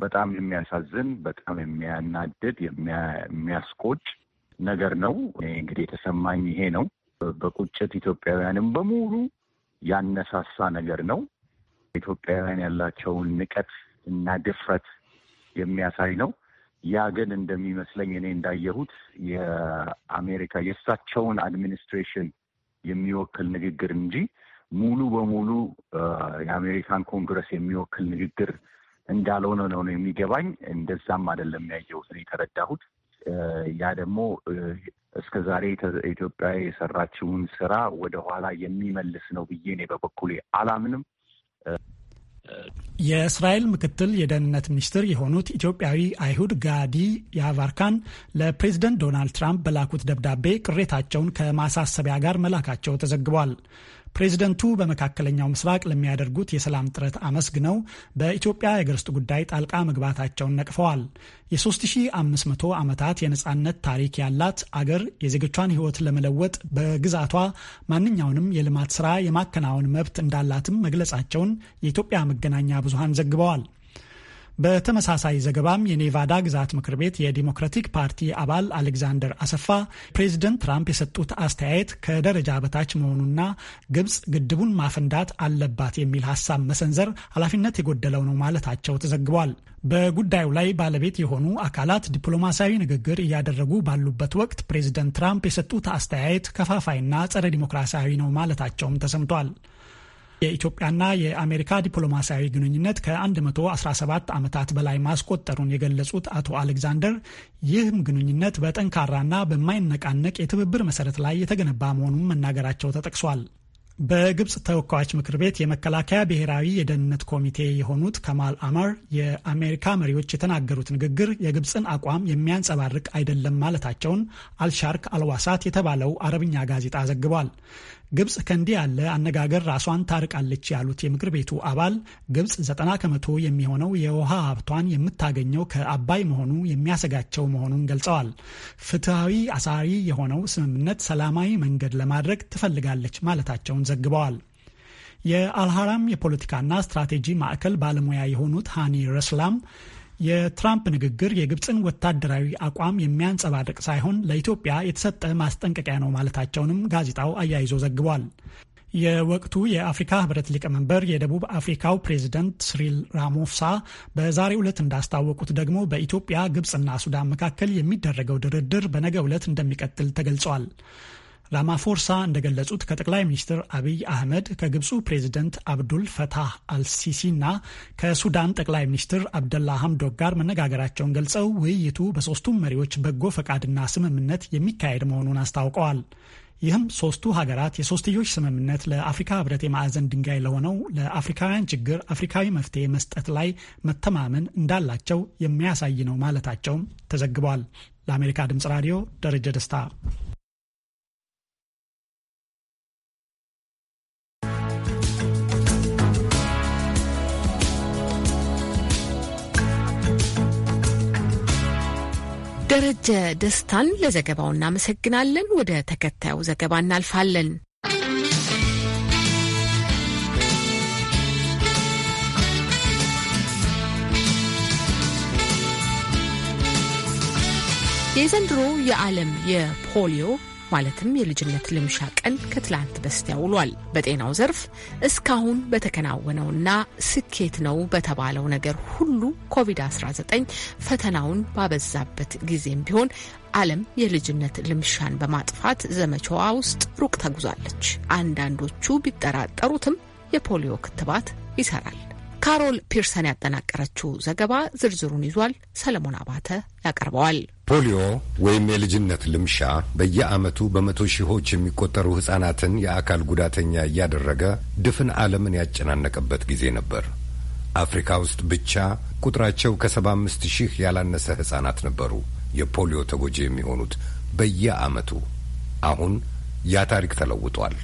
በጣም የሚያሳዝን በጣም የሚያናድድ የሚያስቆጭ ነገር ነው። እንግዲህ የተሰማኝ ይሄ ነው። በቁጭት ኢትዮጵያውያንም በሙሉ ያነሳሳ ነገር ነው። ኢትዮጵያውያን ያላቸውን ንቀት እና ድፍረት የሚያሳይ ነው። ያ ግን እንደሚመስለኝ እኔ እንዳየሁት የአሜሪካ የእሳቸውን አድሚኒስትሬሽን የሚወክል ንግግር እንጂ ሙሉ በሙሉ የአሜሪካን ኮንግረስ የሚወክል ንግግር እንዳልሆነ ነው ነው የሚገባኝ። እንደዛም አይደለም ያየሁት የተረዳሁት። ያ ደግሞ እስከ ዛሬ ኢትዮጵያ የሰራችውን ስራ ወደኋላ የሚመልስ ነው ብዬ እኔ በበኩሌ አላምንም። የእስራኤል ምክትል የደህንነት ሚኒስትር የሆኑት ኢትዮጵያዊ አይሁድ ጋዲ ያቫርካን ለፕሬዝደንት ዶናልድ ትራምፕ በላኩት ደብዳቤ ቅሬታቸውን ከማሳሰቢያ ጋር መላካቸው ተዘግቧል። ፕሬዚደንቱ በመካከለኛው ምስራቅ ለሚያደርጉት የሰላም ጥረት አመስግነው በኢትዮጵያ የአገር ውስጥ ጉዳይ ጣልቃ መግባታቸውን ነቅፈዋል። የ3500 ዓመታት የነጻነት ታሪክ ያላት አገር የዜጎቿን ሕይወት ለመለወጥ በግዛቷ ማንኛውንም የልማት ስራ የማከናወን መብት እንዳላትም መግለጻቸውን የኢትዮጵያ መገናኛ ብዙሃን ዘግበዋል። በተመሳሳይ ዘገባም የኔቫዳ ግዛት ምክር ቤት የዲሞክራቲክ ፓርቲ አባል አሌግዛንደር አሰፋ ፕሬዚደንት ትራምፕ የሰጡት አስተያየት ከደረጃ በታች መሆኑና ግብጽ ግድቡን ማፈንዳት አለባት የሚል ሀሳብ መሰንዘር ኃላፊነት የጎደለው ነው ማለታቸው ተዘግቧል። በጉዳዩ ላይ ባለቤት የሆኑ አካላት ዲፕሎማሲያዊ ንግግር እያደረጉ ባሉበት ወቅት ፕሬዚደንት ትራምፕ የሰጡት አስተያየት ከፋፋይና ጸረ ዲሞክራሲያዊ ነው ማለታቸውም ተሰምቷል። የኢትዮጵያና የአሜሪካ ዲፕሎማሲያዊ ግንኙነት ከ117 ዓመታት በላይ ማስቆጠሩን የገለጹት አቶ አሌክዛንደር ይህም ግንኙነት በጠንካራና በማይነቃነቅ የትብብር መሰረት ላይ የተገነባ መሆኑን መናገራቸው ተጠቅሷል። በግብፅ ተወካዮች ምክር ቤት የመከላከያ ብሔራዊ የደህንነት ኮሚቴ የሆኑት ከማል አማር የአሜሪካ መሪዎች የተናገሩት ንግግር የግብፅን አቋም የሚያንጸባርቅ አይደለም ማለታቸውን አልሻርክ አልዋሳት የተባለው አረብኛ ጋዜጣ ዘግቧል። ግብፅ ከእንዲህ ያለ አነጋገር ራሷን ታርቃለች ያሉት የምክር ቤቱ አባል ግብፅ ዘጠና ከመቶ የሚሆነው የውሃ ሀብቷን የምታገኘው ከአባይ መሆኑ የሚያሰጋቸው መሆኑን ገልጸዋል። ፍትሐዊ አሳሪ የሆነው ስምምነት ሰላማዊ መንገድ ለማድረግ ትፈልጋለች ማለታቸውን ዘግበዋል። የአልሃራም የፖለቲካና ስትራቴጂ ማዕከል ባለሙያ የሆኑት ሃኒ ረስላም የትራምፕ ንግግር የግብፅን ወታደራዊ አቋም የሚያንጸባርቅ ሳይሆን ለኢትዮጵያ የተሰጠ ማስጠንቀቂያ ነው ማለታቸውንም ጋዜጣው አያይዞ ዘግቧል። የወቅቱ የአፍሪካ ህብረት ሊቀመንበር የደቡብ አፍሪካው ፕሬዚደንት ሲሪል ራሞፍሳ በዛሬው ዕለት እንዳስታወቁት ደግሞ በኢትዮጵያ ግብፅና ሱዳን መካከል የሚደረገው ድርድር በነገ ዕለት እንደሚቀጥል ተገልጿል። ራማፎርሳ እንደገለጹት ከጠቅላይ ሚኒስትር አብይ አህመድ ከግብፁ ፕሬዚደንት አብዱል ፈታህ አልሲሲና ከሱዳን ጠቅላይ ሚኒስትር አብደላ ሐምዶክ ጋር መነጋገራቸውን ገልጸው ውይይቱ በሶስቱም መሪዎች በጎ ፈቃድና ስምምነት የሚካሄድ መሆኑን አስታውቀዋል። ይህም ሶስቱ ሀገራት የሶስትዮሽ ስምምነት ለአፍሪካ ህብረት የማዕዘን ድንጋይ ለሆነው ለአፍሪካውያን ችግር አፍሪካዊ መፍትሄ መስጠት ላይ መተማመን እንዳላቸው የሚያሳይ ነው ማለታቸውም ተዘግቧል። ለአሜሪካ ድምጽ ራዲዮ ደረጀ ደስታ ደረጀ ደስታን ለዘገባው እናመሰግናለን። ወደ ተከታዩ ዘገባ እናልፋለን። የዘንድሮ የዓለም የፖሊዮ ማለትም የልጅነት ልምሻ ቀን ከትላንት በስቲያ ውሏል። በጤናው ዘርፍ እስካሁን በተከናወነውና ስኬት ነው በተባለው ነገር ሁሉ ኮቪድ-19 ፈተናውን ባበዛበት ጊዜም ቢሆን ዓለም የልጅነት ልምሻን በማጥፋት ዘመቻዋ ውስጥ ሩቅ ተጉዛለች። አንዳንዶቹ ቢጠራጠሩትም የፖሊዮ ክትባት ይሰራል። ካሮል ፒርሰን ያጠናቀረችው ዘገባ ዝርዝሩን ይዟል። ሰለሞን አባተ ያቀርበዋል። ፖሊዮ ወይም የልጅነት ልምሻ በየዓመቱ በመቶ ሺዎች የሚቆጠሩ ሕፃናትን የአካል ጉዳተኛ እያደረገ ድፍን ዓለምን ያጨናነቀበት ጊዜ ነበር። አፍሪካ ውስጥ ብቻ ቁጥራቸው ከሰባ አምስት ሺህ ያላነሰ ሕፃናት ነበሩ የፖሊዮ ተጎጂ የሚሆኑት በየዓመቱ። አሁን ያ ታሪክ ተለውጧል።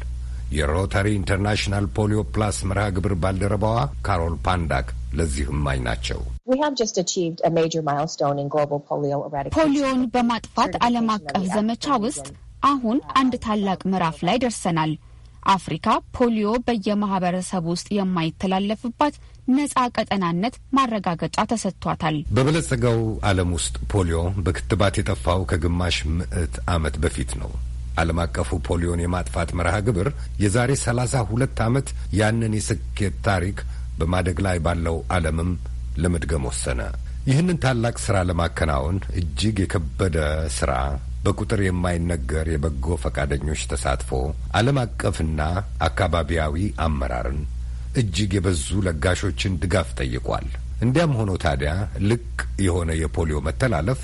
የሮታሪ ኢንተርናሽናል ፖሊዮ ፕላስ መርሃ ግብር ባልደረባዋ ካሮል ፓንዳክ ለዚህ እማኝ ናቸው። ፖሊዮን በማጥፋት ዓለም አቀፍ ዘመቻ ውስጥ አሁን አንድ ታላቅ ምዕራፍ ላይ ደርሰናል። አፍሪካ ፖሊዮ በየማህበረሰብ ውስጥ የማይተላለፍባት ነጻ ቀጠናነት ማረጋገጫ ተሰጥቷታል። በበለጸገው ዓለም ውስጥ ፖሊዮ በክትባት የጠፋው ከግማሽ ምዕት ዓመት በፊት ነው። ዓለም አቀፉ ፖሊዮን የማጥፋት መርሃ ግብር የዛሬ ሰላሳ ሁለት ዓመት ያንን የስኬት ታሪክ በማደግ ላይ ባለው ዓለምም ለመድገም ወሰነ። ይህንን ታላቅ ሥራ ለማከናወን እጅግ የከበደ ሥራ፣ በቁጥር የማይነገር የበጎ ፈቃደኞች ተሳትፎ፣ ዓለም አቀፍና አካባቢያዊ አመራርን፣ እጅግ የበዙ ለጋሾችን ድጋፍ ጠይቋል። እንዲያም ሆኖ ታዲያ ልቅ የሆነ የፖሊዮ መተላለፍ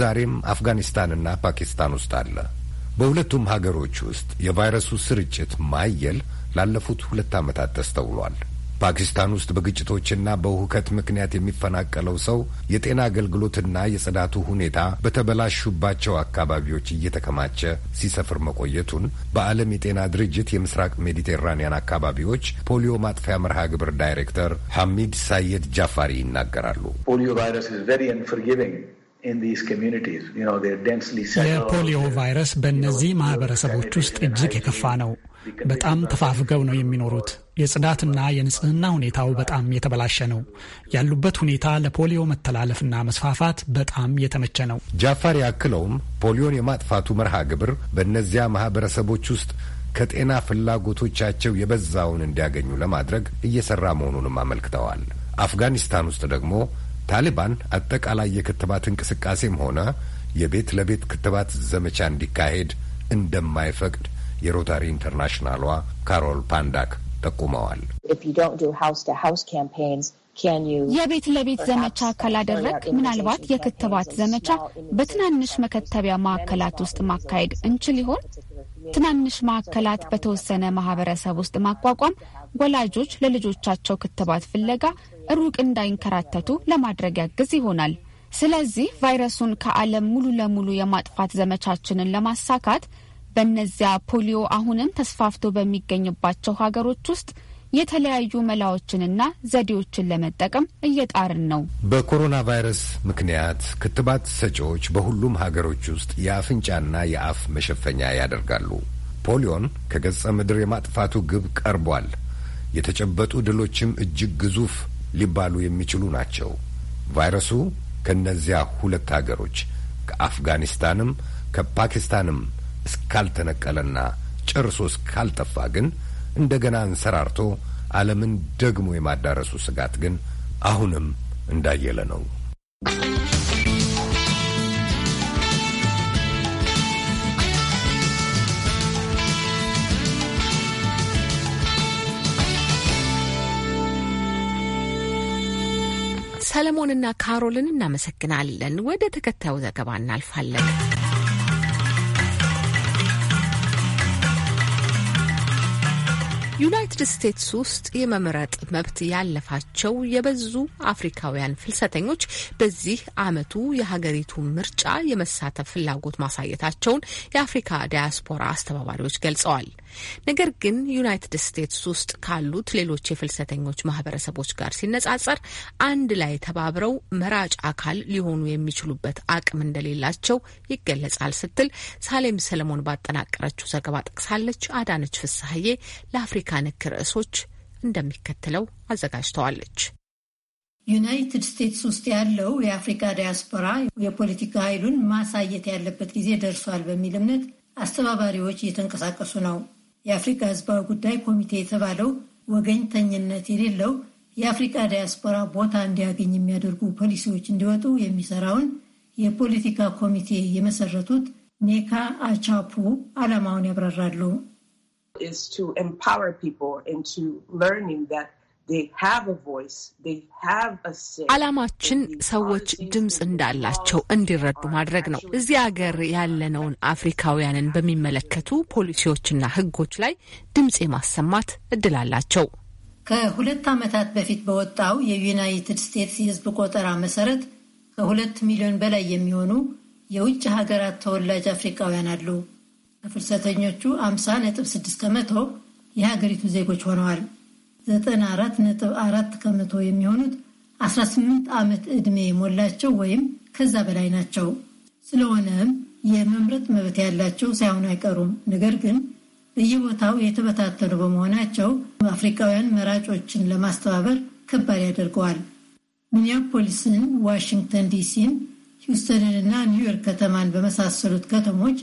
ዛሬም አፍጋኒስታንና ፓኪስታን ውስጥ አለ። በሁለቱም ሀገሮች ውስጥ የቫይረሱ ስርጭት ማየል ላለፉት ሁለት ዓመታት ተስተውሏል። ፓኪስታን ውስጥ በግጭቶችና በሁከት ምክንያት የሚፈናቀለው ሰው የጤና አገልግሎትና የጽዳቱ ሁኔታ በተበላሹባቸው አካባቢዎች እየተከማቸ ሲሰፍር መቆየቱን በዓለም የጤና ድርጅት የምስራቅ ሜዲቴራኒያን አካባቢዎች ፖሊዮ ማጥፊያ መርሃ ግብር ዳይሬክተር ሐሚድ ሳየድ ጃፋሪ ይናገራሉ። የፖሊዮ ቫይረስ በእነዚህ ማህበረሰቦች ውስጥ እጅግ የከፋ ነው። በጣም ተፋፍገው ነው የሚኖሩት። የጽዳትና የንጽህና ሁኔታው በጣም የተበላሸ ነው። ያሉበት ሁኔታ ለፖሊዮ መተላለፍና መስፋፋት በጣም የተመቸ ነው። ጃፋር ያክለውም ፖሊዮን የማጥፋቱ መርሃ ግብር በእነዚያ ማህበረሰቦች ውስጥ ከጤና ፍላጎቶቻቸው የበዛውን እንዲያገኙ ለማድረግ እየሰራ መሆኑንም አመልክተዋል። አፍጋኒስታን ውስጥ ደግሞ ታሊባን አጠቃላይ የክትባት እንቅስቃሴም ሆነ የቤት ለቤት ክትባት ዘመቻ እንዲካሄድ እንደማይፈቅድ የሮታሪ ኢንተርናሽናሏ ካሮል ፓንዳክ ጠቁመዋል። የቤት ለቤት ዘመቻ ካላደረግ ምናልባት የክትባት ዘመቻ በትናንሽ መከተቢያ ማዕከላት ውስጥ ማካሄድ እንችል ይሆን? ትናንሽ ማዕከላት በተወሰነ ማህበረሰብ ውስጥ ማቋቋም ወላጆች ለልጆቻቸው ክትባት ፍለጋ ሩቅ እንዳይንከራተቱ ለማድረግ ያግዝ ይሆናል። ስለዚህ ቫይረሱን ከዓለም ሙሉ ለሙሉ የማጥፋት ዘመቻችንን ለማሳካት በእነዚያ ፖሊዮ አሁንም ተስፋፍቶ በሚገኝባቸው ሀገሮች ውስጥ የተለያዩ መላዎችንና ዘዴዎችን ለመጠቀም እየጣርን ነው። በኮሮና ቫይረስ ምክንያት ክትባት ሰጪዎች በሁሉም ሀገሮች ውስጥ የአፍንጫና የአፍ መሸፈኛ ያደርጋሉ። ፖሊዮን ከገጸ ምድር የማጥፋቱ ግብ ቀርቧል። የተጨበጡ ድሎችም እጅግ ግዙፍ ሊባሉ የሚችሉ ናቸው። ቫይረሱ ከእነዚያ ሁለት ሀገሮች ከአፍጋኒስታንም ከፓኪስታንም እስካልተነቀለና ጨርሶ እስካልጠፋ ግን እንደገና እንሰራርቶ ዓለምን ደግሞ የማዳረሱ ስጋት ግን አሁንም እንዳየለ ነው። ሰለሞንና ካሮልን እናመሰግናለን። ወደ ተከታዩ ዘገባ እናልፋለን። ዩናይትድ ስቴትስ ውስጥ የመምረጥ መብት ያለፋቸው የበዙ አፍሪካውያን ፍልሰተኞች በዚህ ዓመቱ የሀገሪቱ ምርጫ የመሳተፍ ፍላጎት ማሳየታቸውን የአፍሪካ ዲያስፖራ አስተባባሪዎች ገልጸዋል። ነገር ግን ዩናይትድ ስቴትስ ውስጥ ካሉት ሌሎች የፍልሰተኞች ማህበረሰቦች ጋር ሲነጻጸር አንድ ላይ ተባብረው መራጭ አካል ሊሆኑ የሚችሉበት አቅም እንደሌላቸው ይገለጻል ስትል ሳሌም ሰለሞን ባጠናቀረችው ዘገባ ጠቅሳለች። አዳነች ፍሳሀዬ ለአፍሪካ ንክ ርዕሶች እንደሚከተለው አዘጋጅተዋለች። ዩናይትድ ስቴትስ ውስጥ ያለው የአፍሪካ ዲያስፖራ የፖለቲካ ኃይሉን ማሳየት ያለበት ጊዜ ደርሷል በሚል እምነት አስተባባሪዎች እየተንቀሳቀሱ ነው። የአፍሪካ ህዝባዊ ጉዳይ ኮሚቴ የተባለው ወገኝተኝነት የሌለው የአፍሪካ ዲያስፖራ ቦታ እንዲያገኝ የሚያደርጉ ፖሊሲዎች እንዲወጡ የሚሰራውን የፖለቲካ ኮሚቴ የመሰረቱት ኔካ አቻፑ ዓላማውን ያብራራሉ። ዓላማችን ሰዎች ድምፅ እንዳላቸው እንዲረዱ ማድረግ ነው። እዚህ ሀገር ያለነውን አፍሪካውያንን በሚመለከቱ ፖሊሲዎችና ሕጎች ላይ ድምፅ የማሰማት እድል አላቸው። ከሁለት ዓመታት በፊት በወጣው የዩናይትድ ስቴትስ የሕዝብ ቆጠራ መሰረት ከሁለት ሚሊዮን በላይ የሚሆኑ የውጭ ሀገራት ተወላጅ አፍሪካውያን አሉ። ከፍልሰተኞቹ አምሳ ነጥብ 6 ከመቶ የሀገሪቱ ዜጎች ሆነዋል። 94.4 ከመቶ የሚሆኑት 18 ዓመት ዕድሜ የሞላቸው ወይም ከዛ በላይ ናቸው። ስለሆነም የመምረጥ መብት ያላቸው ሳይሆኑ አይቀሩም። ነገር ግን በየቦታው የተበታተኑ በመሆናቸው አፍሪካውያን መራጮችን ለማስተባበር ከባድ ያደርገዋል። ሚኒያፖሊስን፣ ዋሽንግተን ዲሲን፣ ሂውስተንን ና ኒውዮርክ ከተማን በመሳሰሉት ከተሞች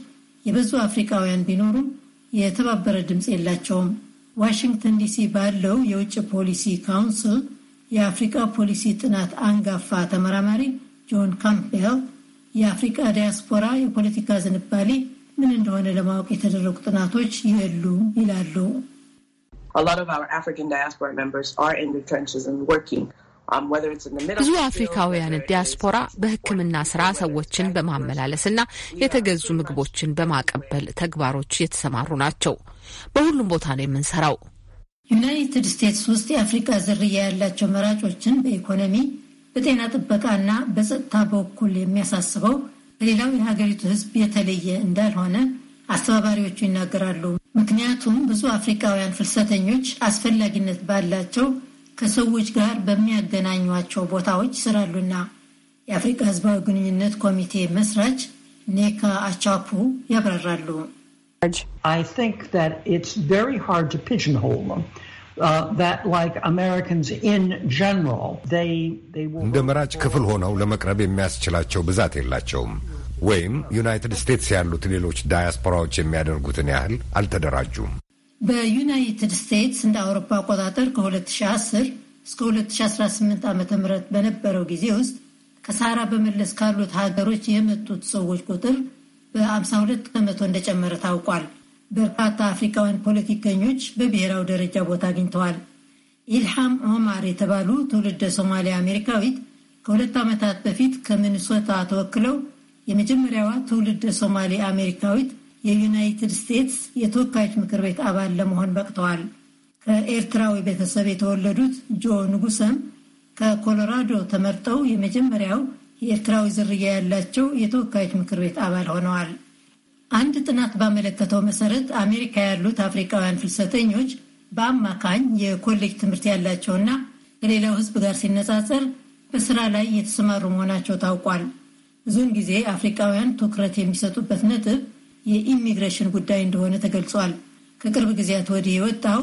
የበዙ አፍሪካውያን ቢኖሩም የተባበረ ድምፅ የላቸውም። ዋሽንግተን ዲሲ ባለው የውጭ ፖሊሲ ካውንስል የአፍሪቃ ፖሊሲ ጥናት አንጋፋ ተመራማሪ ጆን ካምፔል የአፍሪቃ ዲያስፖራ የፖለቲካ ዝንባሌ ምን እንደሆነ ለማወቅ የተደረጉ ጥናቶች ይሉ ይላሉ። um, ብዙ አፍሪካውያን ዲያስፖራ በሕክምና ስራ ሰዎችን በማመላለስ እና የተገዙ ምግቦችን በማቀበል ተግባሮች የተሰማሩ ናቸው። በሁሉም ቦታ ነው የምንሰራው። ዩናይትድ ስቴትስ ውስጥ የአፍሪቃ ዝርያ ያላቸው መራጮችን በኢኮኖሚ በጤና ጥበቃና በጸጥታ በኩል የሚያሳስበው በሌላው የሀገሪቱ ሕዝብ የተለየ እንዳልሆነ አስተባባሪዎቹ ይናገራሉ። ምክንያቱም ብዙ አፍሪካውያን ፍልሰተኞች አስፈላጊነት ባላቸው ከሰዎች ጋር በሚያገናኟቸው ቦታዎች ይሰራሉና። የአፍሪካ ህዝባዊ ግንኙነት ኮሚቴ መስራች ኔካ አቻፑ ያብራራሉ። I think that it's very hard to pigeonhole them. Uh, እንደ መራጭ ክፍል ሆነው ለመቅረብ የሚያስችላቸው ብዛት የላቸውም። ወይም ዩናይትድ ስቴትስ ያሉት ሌሎች ዳያስፖራዎች የሚያደርጉትን ያህል አልተደራጁም። በዩናይትድ ስቴትስ እንደ አውሮፓ አቆጣጠር ከ2010 እስከ 2018 ዓ ም በነበረው ጊዜ ውስጥ ከሳራ በመለስ ካሉት ሀገሮች የመጡት ሰዎች ቁጥር በ52 ከመቶ እንደጨመረ ታውቋል። በርካታ አፍሪካውያን ፖለቲከኞች በብሔራዊ ደረጃ ቦታ አግኝተዋል። ኢልሃም ኦማር የተባሉ ትውልደ ሶማሊያ አሜሪካዊት ከሁለት ዓመታት በፊት ከሚኒሶታ ተወክለው የመጀመሪያዋ ትውልደ ሶማሌ አሜሪካዊት የዩናይትድ ስቴትስ የተወካዮች ምክር ቤት አባል ለመሆን በቅተዋል። ከኤርትራዊ ቤተሰብ የተወለዱት ጆ ንጉሰም ከኮሎራዶ ተመርጠው የመጀመሪያው የኤርትራዊ ዝርያ ያላቸው የተወካዮች ምክር ቤት አባል ሆነዋል። አንድ ጥናት ባመለከተው መሰረት አሜሪካ ያሉት አፍሪካውያን ፍልሰተኞች በአማካኝ የኮሌጅ ትምህርት ያላቸውና ከሌላው ሕዝብ ጋር ሲነጻጸር በስራ ላይ የተሰማሩ መሆናቸው ታውቋል። ብዙውን ጊዜ አፍሪካውያን ትኩረት የሚሰጡበት ነጥብ የኢሚግሬሽን ጉዳይ እንደሆነ ተገልጿል። ከቅርብ ጊዜያት ወዲህ የወጣው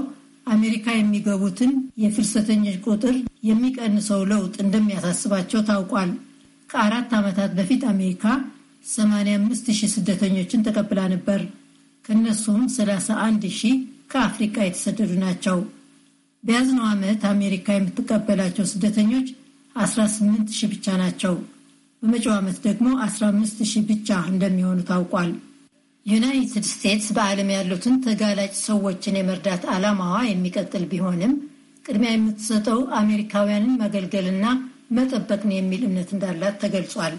አሜሪካ የሚገቡትን የፍልሰተኞች ቁጥር የሚቀንሰው ለውጥ እንደሚያሳስባቸው ታውቋል። ከአራት ዓመታት በፊት አሜሪካ 85,000 ስደተኞችን ተቀብላ ነበር። ከእነሱም ሺህ ከአፍሪካ የተሰደዱ ናቸው። በያዝነው ዓመት አሜሪካ የምትቀበላቸው ስደተኞች 18,000 ብቻ ናቸው። በመጪው ዓመት ደግሞ ሺህ ብቻ እንደሚሆኑ ታውቋል። ዩናይትድ ስቴትስ በዓለም ያሉትን ተጋላጭ ሰዎችን የመርዳት ዓላማዋ የሚቀጥል ቢሆንም ቅድሚያ የምትሰጠው አሜሪካውያንን ማገልገልና መጠበቅ ነው የሚል እምነት እንዳላት ተገልጿል።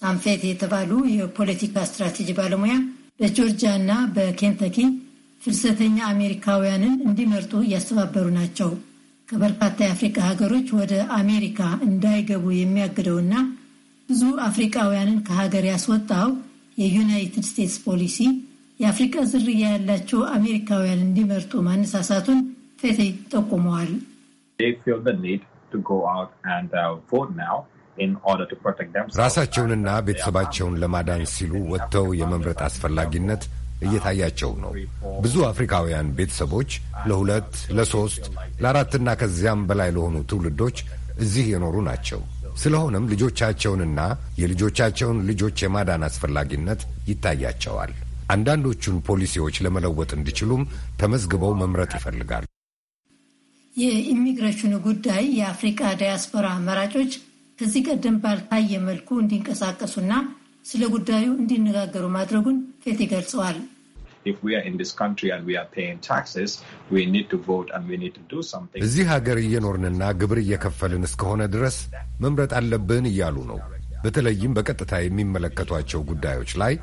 ሳምፌት የተባሉ የፖለቲካ ስትራቴጂ ባለሙያ በጆርጂያ እና በኬንተኪ ፍልሰተኛ አሜሪካውያንን እንዲመርጡ እያስተባበሩ ናቸው። ከበርካታ የአፍሪካ ሀገሮች ወደ አሜሪካ እንዳይገቡ የሚያግደውና ብዙ አፍሪካውያንን ከሀገር ያስወጣው የዩናይትድ ስቴትስ ፖሊሲ የአፍሪካ ዝርያ ያላቸው አሜሪካውያን እንዲመርጡ ማነሳሳቱን ፌቴ ጠቁመዋል። Uh, ራሳቸውንና uh, ቤተሰባቸውን ለማዳን ሲሉ ወጥተው የመምረጥ አስፈላጊነት እየታያቸው ነው። ብዙ አፍሪካውያን ቤተሰቦች ለሁለት uh, ለሶስት ለአራትና ከዚያም በላይ ለሆኑ ትውልዶች እዚህ የኖሩ ናቸው። ስለሆነም ልጆቻቸውንና የልጆቻቸውን ልጆች የማዳን አስፈላጊነት ይታያቸዋል። አንዳንዶቹን ፖሊሲዎች ለመለወጥ እንዲችሉም ተመዝግበው መምረጥ ይፈልጋሉ። የኢሚግሬሽኑ ጉዳይ የአፍሪቃ ዳያስፖራ መራጮች ከዚህ ቀደም ባልታየ መልኩ እንዲንቀሳቀሱና ስለ ጉዳዩ እንዲነጋገሩ ማድረጉን ፌት ገልጸዋል። እዚህ ሀገር እየኖርንና ግብር እየከፈልን እስከሆነ ድረስ መምረጥ አለብን እያሉ ነው። በተለይም በቀጥታ የሚመለከቷቸው ጉዳዮች ላይ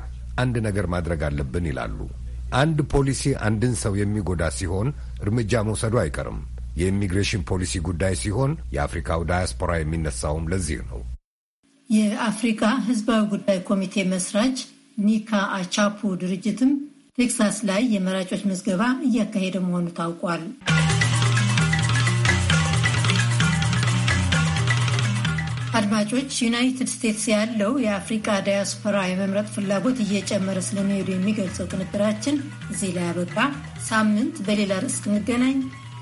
አንድ ነገር ማድረግ አለብን ይላሉ። አንድ ፖሊሲ አንድን ሰው የሚጎዳ ሲሆን እርምጃ መውሰዱ አይቀርም። የኢሚግሬሽን ፖሊሲ ጉዳይ ሲሆን የአፍሪካው ዳያስፖራ የሚነሳውም ለዚህ ነው። የአፍሪካ ሕዝባዊ ጉዳይ ኮሚቴ መስራች ኒካ አቻፑ ድርጅትም ቴክሳስ ላይ የመራጮች ምዝገባ እያካሄደ መሆኑ ታውቋል። አድማጮች፣ ዩናይትድ ስቴትስ ያለው የአፍሪቃ ዳያስፖራ የመምረጥ ፍላጎት እየጨመረ ስለመሄዱ የሚገልጸው ቅንብራችን እዚህ ላይ አበቃ። ሳምንት በሌላ ርዕስ እንገናኝ።